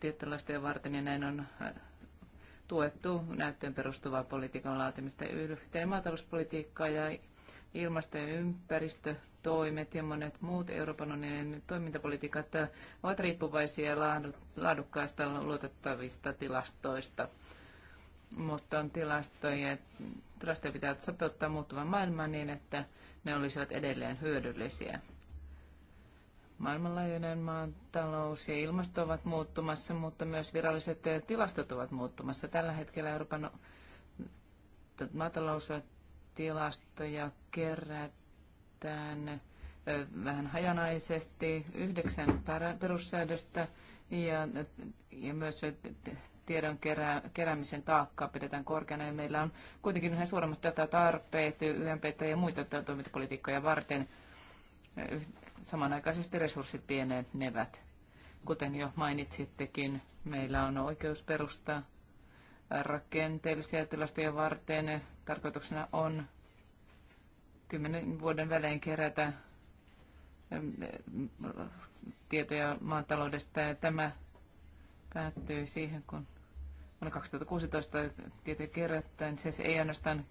tietynlaisten varten ja näin on äh, tuettu näyttöön perustuvaa politiikan laatimista yhteen maatalouspolitiikkaa ja ilmasto- ja ympäristötoimet ja monet muut Euroopan unionin toimintapolitiikat äh, ovat riippuvaisia laadukkaista luotettavista tilastoista mutta on tilastoja, että tilastoja pitää sopeuttaa muuttuvan maailmaan niin, että ne olisivat edelleen hyödyllisiä. Maailmanlaajuinen maatalous ja ilmasto ovat muuttumassa, mutta myös viralliset tilastot ovat muuttumassa. Tällä hetkellä Euroopan maataloustilastoja kerätään vähän hajanaisesti yhdeksän perussäädöstä ja, ja myös tiedon kerää, keräämisen taakkaa pidetään korkeana ja meillä on kuitenkin yhä suuremmat datatarpeet YMPT ja muita toimintapolitiikkoja varten. Samanaikaisesti resurssit pienenevät. Kuten jo mainitsittekin, meillä on oikeus perustaa rakenteellisia tilastoja varten. Tarkoituksena on kymmenen vuoden välein kerätä mm, tietoja maataloudesta ja tämä päättyy siihen, kun vuonna 2016 tietoja kerättäen. Siis ei ainoastaan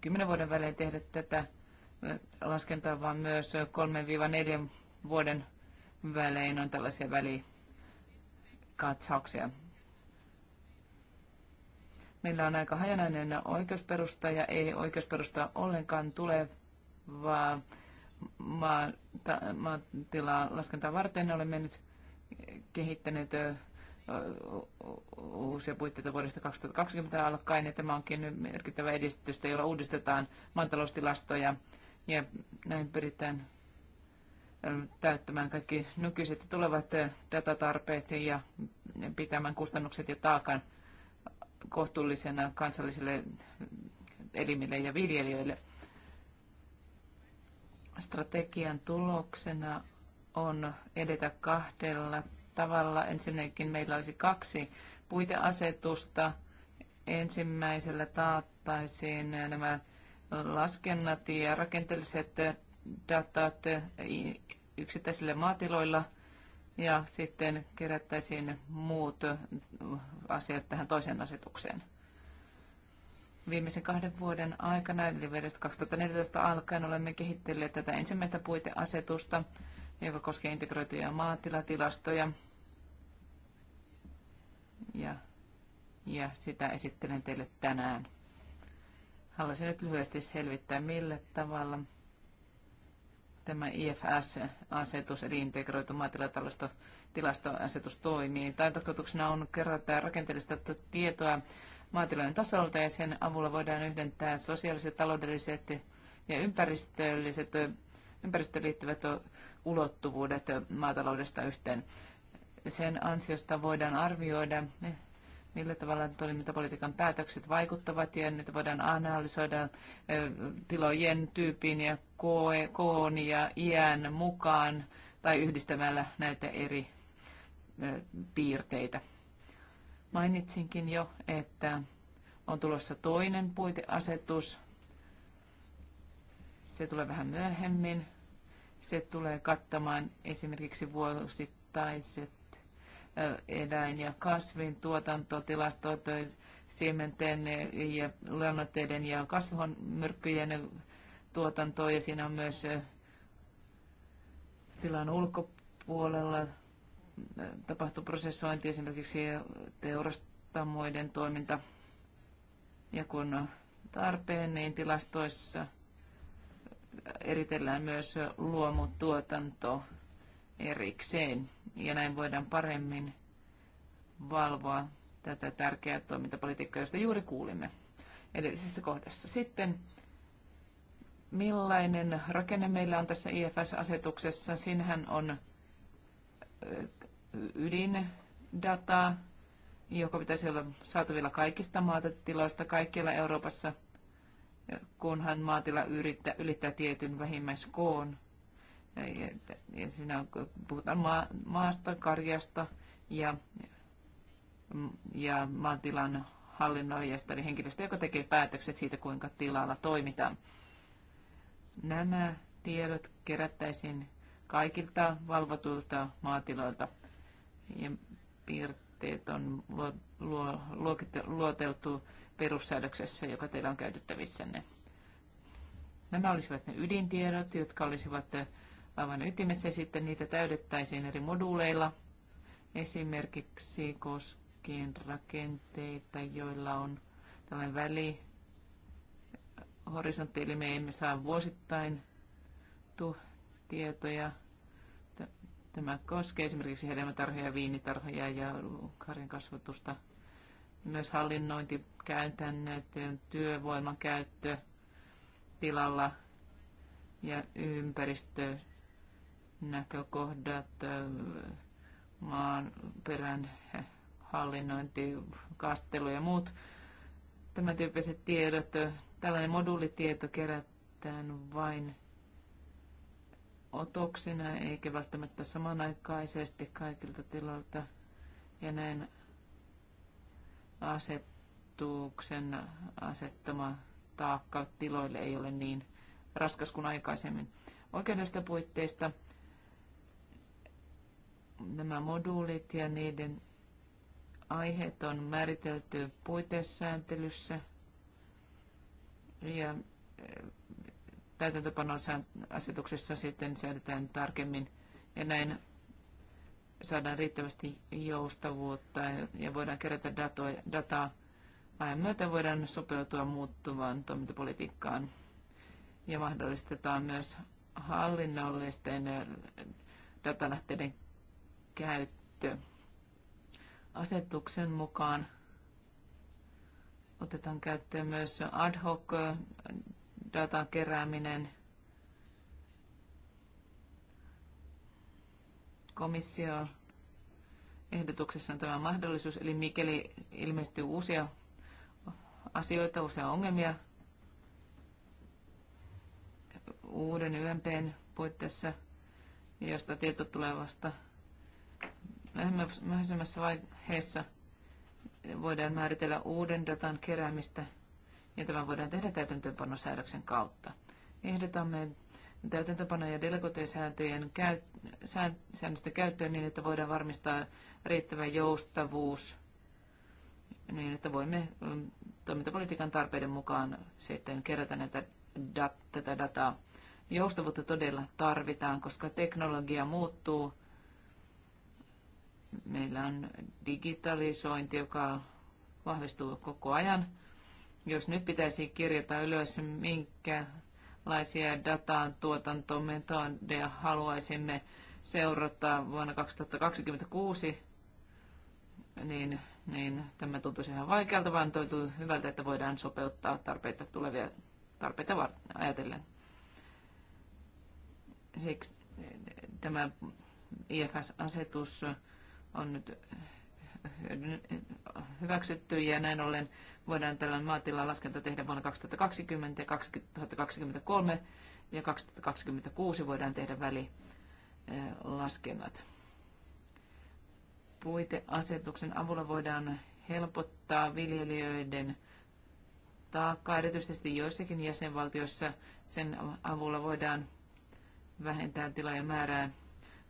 kymmenen vuoden välein tehdä tätä laskentaa, vaan myös 3-4 vuoden välein on tällaisia välikatsauksia. Meillä on aika hajanainen oikeusperusta ja ei oikeusperusta ollenkaan tulevaa maatilaa laskentaa varten. Olemme nyt kehittäneet uusia puitteita vuodesta 2020 alkaen, ja tämä onkin merkittävä edistys, jolla uudistetaan maataloustilastoja, ja näin pyritään täyttämään kaikki nykyiset ja tulevat datatarpeet ja pitämään kustannukset ja taakan kohtuullisena kansallisille elimille ja viljelijöille. Strategian tuloksena on edetä kahdella tavalla. Ensinnäkin meillä olisi kaksi puiteasetusta. Ensimmäisellä taattaisiin nämä laskennat ja rakenteelliset datat yksittäisillä maatiloilla ja sitten kerättäisiin muut asiat tähän toiseen asetukseen. Viimeisen kahden vuoden aikana, eli vuodesta 2014 alkaen, olemme kehittelleet tätä ensimmäistä puiteasetusta joka koskee integroituja maatilatilastoja. Ja, ja sitä esittelen teille tänään. Haluaisin nyt lyhyesti selvittää, millä tavalla tämä IFS-asetus, eli integroitu maatilatilastoasetus toimii. Tämän tarkoituksena on kerätä rakenteellista tietoa maatilojen tasolta ja sen avulla voidaan yhdentää sosiaaliset, taloudelliset ja ympäristölliset ympäristöön liittyvät ulottuvuudet maataloudesta yhteen. Sen ansiosta voidaan arvioida, millä tavalla toimintapolitiikan päätökset vaikuttavat ja niitä voidaan analysoida tilojen tyypin ja koon ja iän mukaan tai yhdistämällä näitä eri piirteitä. Mainitsinkin jo, että on tulossa toinen puiteasetus. Se tulee vähän myöhemmin. Se tulee kattamaan esimerkiksi vuosittaiset eläin- ja kasvin tuotantotilastot, siementen ja lannoitteiden ja kasvihuonemyrkkyjen tuotantoa ja siinä on myös tilan ulkopuolella tapahtuu prosessointi, esimerkiksi teurastamoiden toiminta. Ja kun on tarpeen, niin tilastoissa – eritellään myös luomutuotanto erikseen. Ja näin voidaan paremmin valvoa tätä tärkeää toimintapolitiikkaa, josta juuri kuulimme edellisessä kohdassa. Sitten millainen rakenne meillä on tässä IFS-asetuksessa? Siinähän on ydindataa, joka pitäisi olla saatavilla kaikista maatiloista kaikkialla Euroopassa kunhan maatila yrittää, ylittää tietyn vähimmäiskoon. Ja, ja siinä on, puhutaan maa, maasta, karjasta ja, ja maatilan hallinnoijasta, eli henkilöstä, joka tekee päätökset siitä, kuinka tilalla toimitaan. Nämä tiedot kerättäisiin kaikilta valvotuilta maatiloilta. Ja piirteet on luo, luo, luoteltu perussäädöksessä, joka teillä on käytettävissänne. Nämä olisivat ne ydintiedot, jotka olisivat eh, aivan ytimessä ja sitten niitä täydettäisiin eri moduuleilla, esimerkiksi koskien rakenteita, joilla on tällainen väli horisontti, eli me emme saa vuosittain tietoja. Tämä koskee esimerkiksi hedelmätarhoja, viinitarhoja ja karjan kasvatusta – myös hallinnointikäytännöt, työvoiman tilalla ja ympäristönäkökohdat, maan perän hallinnointi, kastelu ja muut tämän tyyppiset tiedot. Tällainen moduulitieto kerätään vain otoksina eikä välttämättä samanaikaisesti kaikilta tiloilta. Ja näin asetuksen asettama taakka tiloille ei ole niin raskas kuin aikaisemmin. Oikeudesta puitteista nämä moduulit ja niiden aiheet on määritelty puitesääntelyssä ja eh, täytäntöpanon asetuksessa sitten säädetään tarkemmin ja näin saadaan riittävästi joustavuutta ja voidaan kerätä dataa. Ajan myötä voidaan sopeutua muuttuvaan toimintapolitiikkaan ja mahdollistetaan myös hallinnollisten datalähteiden käyttö. Asetuksen mukaan otetaan käyttöön myös ad hoc datan kerääminen – komissio ehdotuksessa on tämä mahdollisuus, eli mikäli ilmestyy uusia asioita, uusia ongelmia uuden YMPn puitteissa, josta tieto tulee vasta myöhemmässä vaiheessa, voidaan määritellä uuden datan keräämistä, ja tämä voidaan tehdä täytäntöönpanosäädöksen kautta. Ehdotamme täytäntöpano- ja delegoteisääntöjen käyt, säännöstä käyttöön niin, että voidaan varmistaa riittävä joustavuus niin, että voimme mm, toimintapolitiikan tarpeiden mukaan sitten kerätä näitä dat, tätä dataa. Joustavuutta todella tarvitaan, koska teknologia muuttuu. Meillä on digitalisointi, joka vahvistuu koko ajan. Jos nyt pitäisi kirjata ylös, minkä minkälaisia dataan tuotantometodeja haluaisimme seurata vuonna 2026, niin, niin tämä tuntuisi ihan vaikealta, vaan tuntuu hyvältä, että voidaan sopeuttaa tarpeita tulevia tarpeita ajatellen. Siksi eh, tämä IFS-asetus on nyt hyväksytty ja näin ollen voidaan tällainen maatilan laskenta tehdä vuonna 2020 ja 2023 ja 2026 voidaan tehdä välilaskennat. Puiteasetuksen avulla voidaan helpottaa viljelijöiden taakkaa, erityisesti joissakin jäsenvaltioissa sen avulla voidaan vähentää tilojen määrää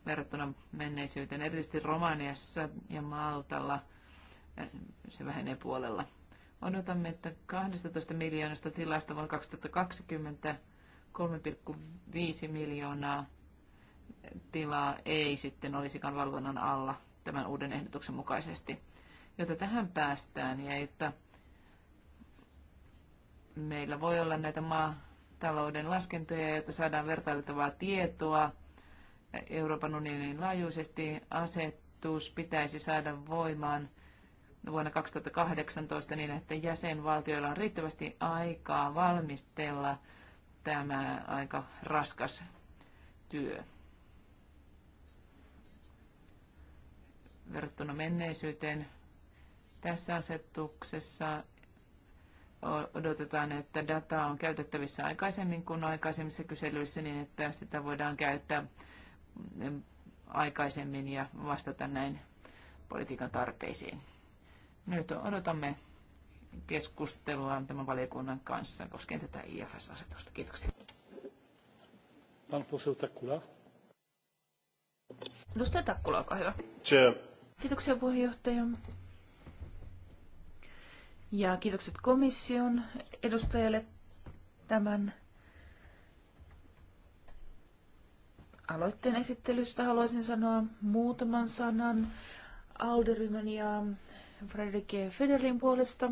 verrattuna menneisyyteen. Erityisesti Romaniassa ja Maltalla eh, se vähenee puolella. Odotamme, että 12 miljoonasta tilasta vuonna 2020 3,5 miljoonaa tilaa ei sitten olisikaan valvonnan alla tämän uuden ehdotuksen mukaisesti. Jotta tähän päästään ja että meillä voi olla näitä maatalouden laskentoja, joita saadaan vertailtavaa tietoa Euroopan unionin laajuisesti asetus pitäisi saada voimaan vuonna 2018 niin, että jäsenvaltioilla on riittävästi aikaa valmistella tämä aika raskas työ. Verrattuna menneisyyteen tässä asetuksessa odotetaan, että data on käytettävissä aikaisemmin kuin aikaisemmissa kyselyissä niin, että sitä voidaan käyttää aikaisemmin ja vastata näin politiikan tarpeisiin. Nyt odotamme keskustelua tämän valiokunnan kanssa koskien tätä IFS-asetusta. Kiitoksia. Edustaja Takkula, olkaa hyvä. Kiitoksia puheenjohtaja. Ja kiitokset komission edustajalle tämän aloitteen esittelystä haluaisin sanoa muutaman sanan Alderyman ja Frederik Federlin puolesta.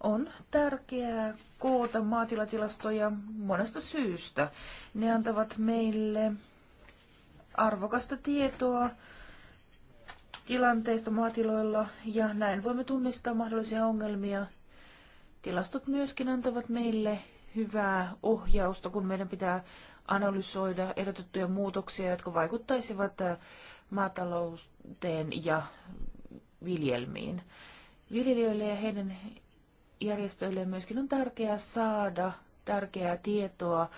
On tärkeää koota maatilatilastoja monesta syystä. Ne antavat meille arvokasta tietoa tilanteista maatiloilla ja näin voimme tunnistaa mahdollisia ongelmia. Tilastot myöskin antavat meille hyvää ohjausta, kun meidän pitää analysoida ehdotettuja muutoksia, jotka vaikuttaisivat äh, maatalouteen ja viljelmiin. Viljelijöille ja heidän järjestöille myöskin on tärkeää saada tärkeää tietoa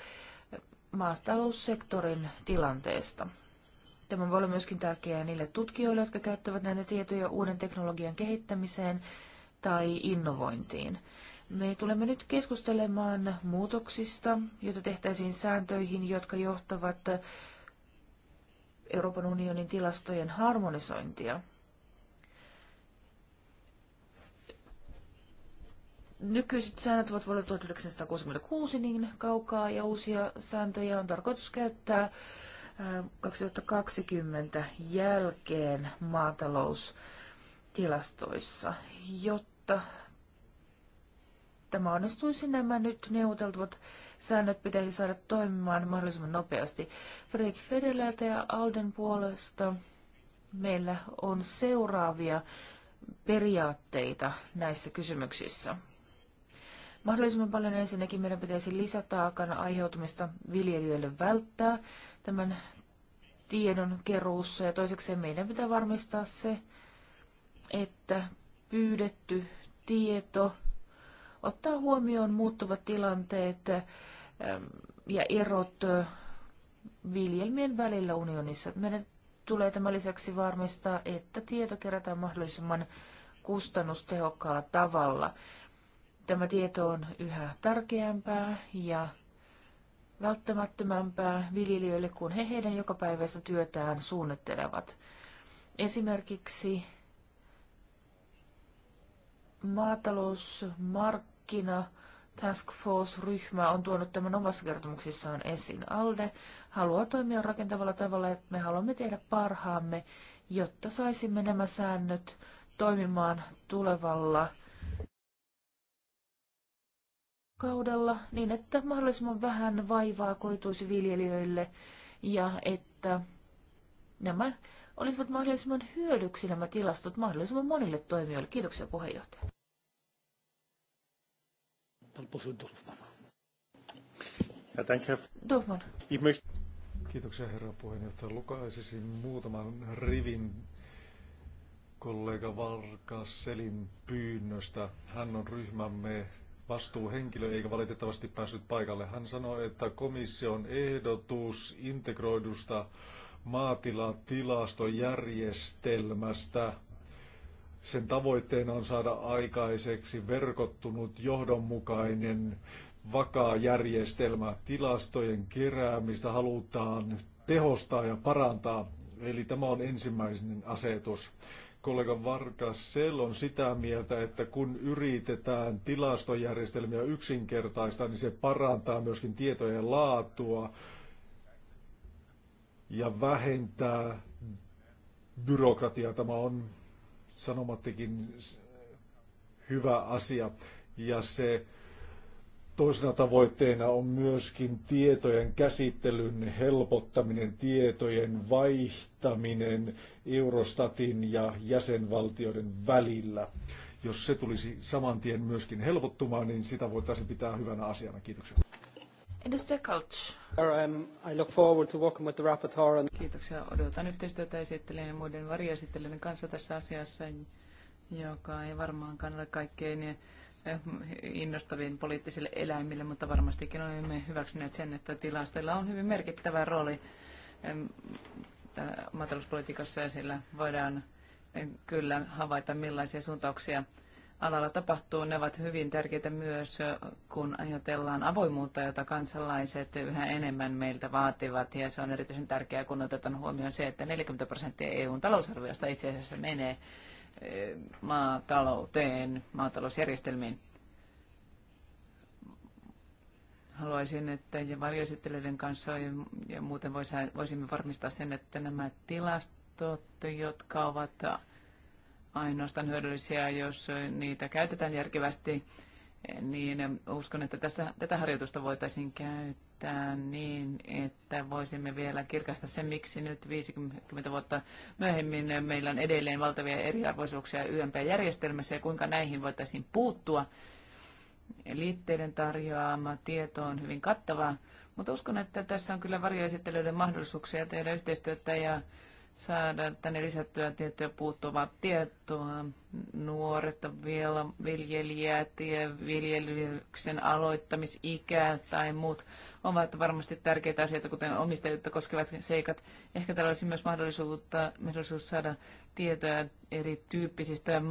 maastaloussektorin tilanteesta. Tämä voi olla myöskin tärkeää niille tutkijoille, jotka käyttävät näitä tietoja uuden teknologian kehittämiseen tai innovointiin. Me tulemme nyt keskustelemaan muutoksista, joita tehtäisiin sääntöihin, jotka johtavat Euroopan unionin tilastojen harmonisointia. Nykyiset säännöt ovat vuodelta 1966 niin kaukaa ja uusia sääntöjä on tarkoitus käyttää 2020 äh, jälkeen maataloustilastoissa, jotta tämä onnistuisi, nämä nyt neuvoteltavat säännöt pitäisi saada toimimaan mahdollisimman nopeasti. freik Federlältä ja Alden puolesta meillä on seuraavia periaatteita näissä kysymyksissä. Mahdollisimman paljon ensinnäkin meidän pitäisi lisätaakan aiheutumista viljelijöille välttää tämän tiedon keruussa ja toiseksi meidän pitää varmistaa se, että pyydetty tieto ottaa huomioon muuttuvat tilanteet ja erot viljelmien välillä unionissa. Meidän tulee tämän lisäksi varmistaa, että tieto kerätään mahdollisimman kustannustehokkaalla tavalla. Tämä tieto on yhä tärkeämpää ja välttämättömämpää viljelijöille, kun he heidän jokapäiväistä työtään suunnittelevat. Esimerkiksi maatalousmark markkina Task Force-ryhmä on tuonut tämän omassa kertomuksissaan esiin. ALDE haluaa toimia rakentavalla tavalla, että me haluamme tehdä parhaamme, jotta saisimme nämä säännöt toimimaan tulevalla kaudella niin, että mahdollisimman vähän vaivaa koituisi viljelijöille ja että nämä olisivat mahdollisimman hyödyksi nämä tilastot mahdollisimman monille toimijoille. Kiitoksia puheenjohtaja. Pan poseł Dorfman. Kiitoksia herra puheenjohtaja. Lukaisisin muutaman rivin kollega Varkas Selin pyynnöstä. Hän on ryhmämme vastuuhenkilö eikä valitettavasti päässyt paikalle. Hän sanoi, että komission ehdotus integroidusta maatilatilastojärjestelmästä sen tavoitteena on saada aikaiseksi verkottunut, johdonmukainen, vakaa järjestelmä. Tilastojen keräämistä halutaan tehostaa ja parantaa. Eli tämä on ensimmäinen asetus. Kollega Varkas Sell on sitä mieltä, että kun yritetään tilastojärjestelmiä yksinkertaistaa, niin se parantaa myöskin tietojen laatua ja vähentää byrokratiaa. Tämä on sanomattekin hyvä asia. Ja se toisena tavoitteena on myöskin tietojen käsittelyn helpottaminen, tietojen vaihtaminen Eurostatin ja jäsenvaltioiden välillä. Jos se tulisi saman tien myöskin helpottumaan, niin sitä voitaisiin pitää hyvänä asiana. Kiitoksia. Edustaja um, I look forward to working with the rapporteur Kiitoksia. Odotan yhteistyötä esittelijän ja muiden varjoesittelijöiden kanssa tässä asiassa, joka ei varmaankaan ole kaikkein eh, innostavin poliittisille eläimille, mutta varmastikin olemme hyväksyneet sen, että tilastoilla on hyvin merkittävä rooli maatalouspolitiikassa ja sillä voidaan kyllä havaita, millaisia suuntauksia alalla tapahtuu, ne ovat hyvin tärkeitä myös, kun ajatellaan avoimuutta, jota kansalaiset yhä enemmän meiltä vaativat. Ja se on erityisen tärkeää, kun otetaan huomioon se, että 40 prosenttia EUn talousarviosta itse asiassa menee maatalouteen, maatalousjärjestelmiin. Haluaisin, että ja varjoesittelyiden kanssa ja muuten voisimme varmistaa sen, että nämä tilastot, jotka ovat ainoastaan hyödyllisiä, jos niitä käytetään järkevästi, niin uskon, että tässä, tätä harjoitusta voitaisiin käyttää niin, että voisimme vielä kirkastaa sen, miksi nyt 50 vuotta myöhemmin meillä on edelleen valtavia eriarvoisuuksia YMP-järjestelmässä ja kuinka näihin voitaisiin puuttua. Liitteiden tarjoama tieto on hyvin kattavaa, mutta uskon, että tässä on kyllä varjoesittelyiden mahdollisuuksia tehdä yhteistyötä ja saada tänne lisättyä tiettyä puuttuvaa tietoa. Nuoret vielä viljelijää, ja viljelyksen aloittamisikä tai muut ovat varmasti tärkeitä asioita, kuten omistajuutta koskevat seikat. Ehkä tällä olisi myös mahdollisuutta, mahdollisuus saada tietoa erityyppisistä äh,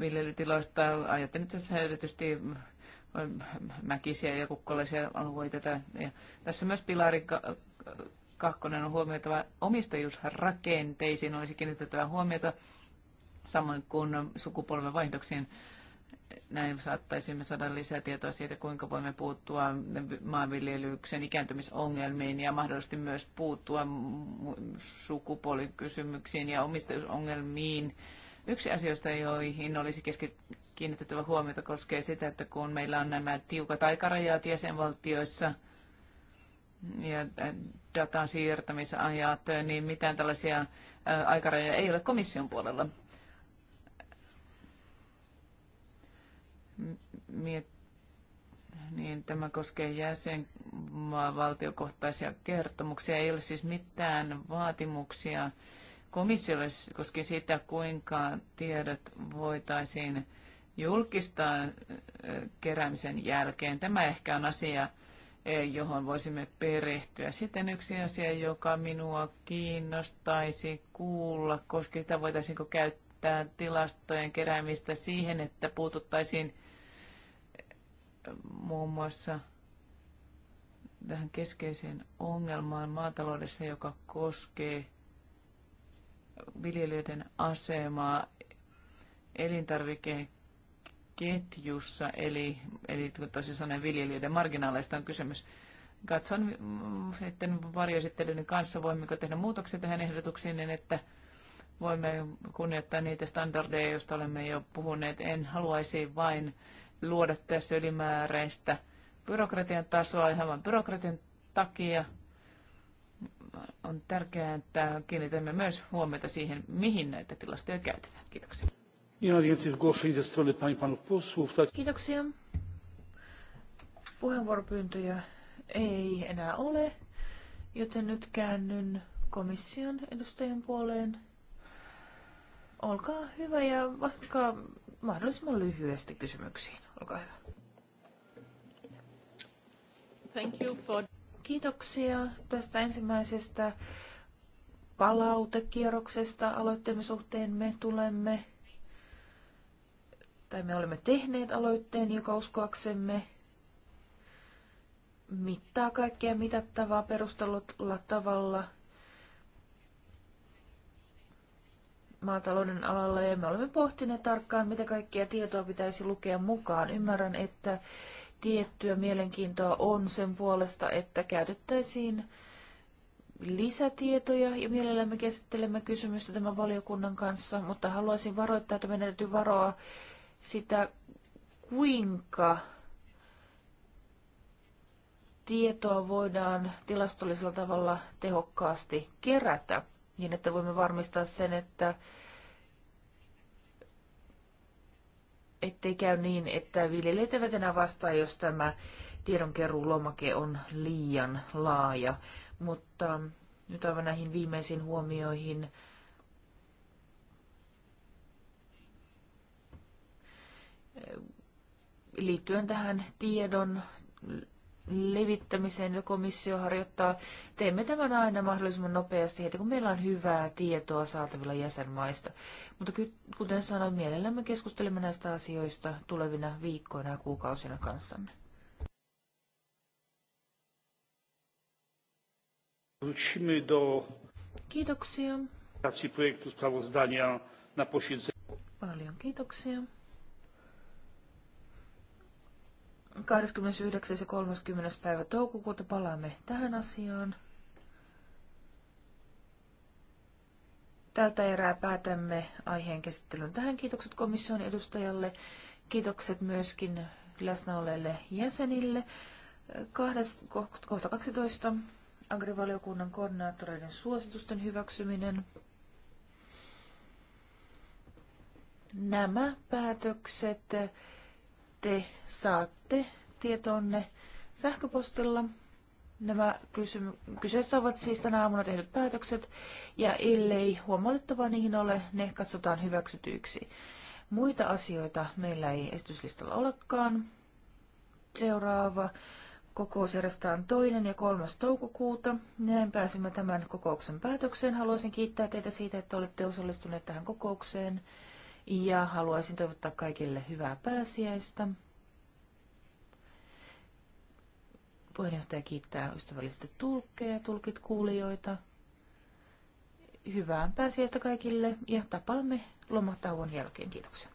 viljelytiloista. Ajattelin tässä erityisesti äh, mäkisiä ja kukkolaisia alueita. Ja tässä myös pilari kakkonen on huomioitava omistajuusrakenteisiin, olisi kiinnitettävä huomiota samoin kuin sukupolven vaihdoksiin. Näin saattaisimme saada lisää tietoa siitä, kuinka voimme puuttua maanviljelyksen ikääntymisongelmiin ja mahdollisesti myös puuttua sukupuolikysymyksiin ja omistajuusongelmiin. Yksi asioista, joihin olisi kiinnitettävä huomiota, koskee sitä, että kun meillä on nämä tiukat aikarajat jäsenvaltioissa – ja datan siirtämisajat, niin mitään tällaisia aikarajoja ei ole komission puolella. Miet... Niin, tämä koskee jäsenvaltiokohtaisia kertomuksia. Ei ole siis mitään vaatimuksia komissiolle koskien sitä, kuinka tiedot voitaisiin julkistaa keräämisen jälkeen. Tämä ehkä on asia, Eh, johon voisimme perehtyä. Sitten yksi asia, joka minua kiinnostaisi kuulla, koska sitä voitaisiinko käyttää tilastojen keräämistä siihen, että puututtaisiin eh, muun muassa tähän keskeiseen ongelmaan maataloudessa, joka koskee viljelijöiden asemaa elintarvikeen ketjussa, eli, eli toisin sanoen viljelijöiden marginaaleista on kysymys. Katson mm, sitten varjoesittelyiden kanssa, voimmeko tehdä muutoksia tähän ehdotuksiin, niin että voimme kunnioittaa niitä standardeja, joista olemme jo puhuneet. En haluaisi vain luoda tässä ylimääräistä byrokratian tasoa ihan vain byrokratian takia. On tärkeää, että kiinnitämme myös huomiota siihen, mihin näitä tilastoja käytetään. Kiitoksia. Nie ma więcej zgłoszeń ze strony pań panów posłów. Kiitoksia. Puheenvuoropyyntöjä ei enää ole, joten nyt käännyn komission edustajan puoleen. Olkaa hyvä ja vastatkaa mahdollisimman lyhyesti kysymyksiin. Olkaa hyvä. Thank you for... Kiitoksia tästä ensimmäisestä palautekierroksesta aloitteemme suhteen. Me tulemme tai me olemme tehneet aloitteen, joka uskoaksemme mittaa kaikkea mitattavaa perustellulla tavalla maatalouden alalla ja me olemme pohtineet tarkkaan, mitä kaikkea tietoa pitäisi lukea mukaan. Ymmärrän, että tiettyä mielenkiintoa on sen puolesta, että käytettäisiin lisätietoja ja mielellämme käsittelemme kysymystä tämän valiokunnan kanssa, mutta haluaisin varoittaa, että meidän täytyy varoa sitä, kuinka tietoa voidaan tilastollisella tavalla tehokkaasti kerätä, niin että voimme varmistaa sen, että ettei käy niin, että viljelijät eivät enää vastaa, jos tämä tiedonkeruulomake on liian laaja. Mutta nyt aivan näihin viimeisiin huomioihin liittyen tähän tiedon levittämiseen, jota komissio harjoittaa. Teemme tämän aina mahdollisimman nopeasti heti, kun meillä on hyvää tietoa saatavilla jäsenmaista. Mutta kuten sanoin, mielellämme keskustelemme näistä asioista tulevina viikkoina ja kuukausina kanssanne. Kiitoksia. Paljon kiitoksia. 29. ja 30. päivä toukokuuta palaamme tähän asiaan. Tältä erää päätämme aiheen käsittelyn tähän. Kiitokset komission edustajalle. Kiitokset myöskin läsnä olleille jäsenille. Kahdes, kohta 12. Agrivaliokunnan koordinaattoreiden suositusten hyväksyminen. Nämä päätökset te saatte tietonne sähköpostilla. Nämä kysym- kyseessä ovat siis tänä aamuna tehdyt päätökset, ja ellei huomautettavaa niihin ole, ne katsotaan hyväksytyiksi. Muita asioita meillä ei esityslistalla olekaan. Seuraava kokous järjestetään toinen ja kolmas toukokuuta. Näin pääsimme tämän kokouksen päätökseen. Haluaisin kiittää teitä siitä, että olette osallistuneet tähän kokoukseen ja haluaisin toivottaa kaikille hyvää pääsiäistä. Puheenjohtaja kiittää ystävällisesti tulkkeja, tulkit kuulijoita. Hyvää pääsiäistä kaikille ja tapaamme lomatauon jälkeen. Kiitoksia.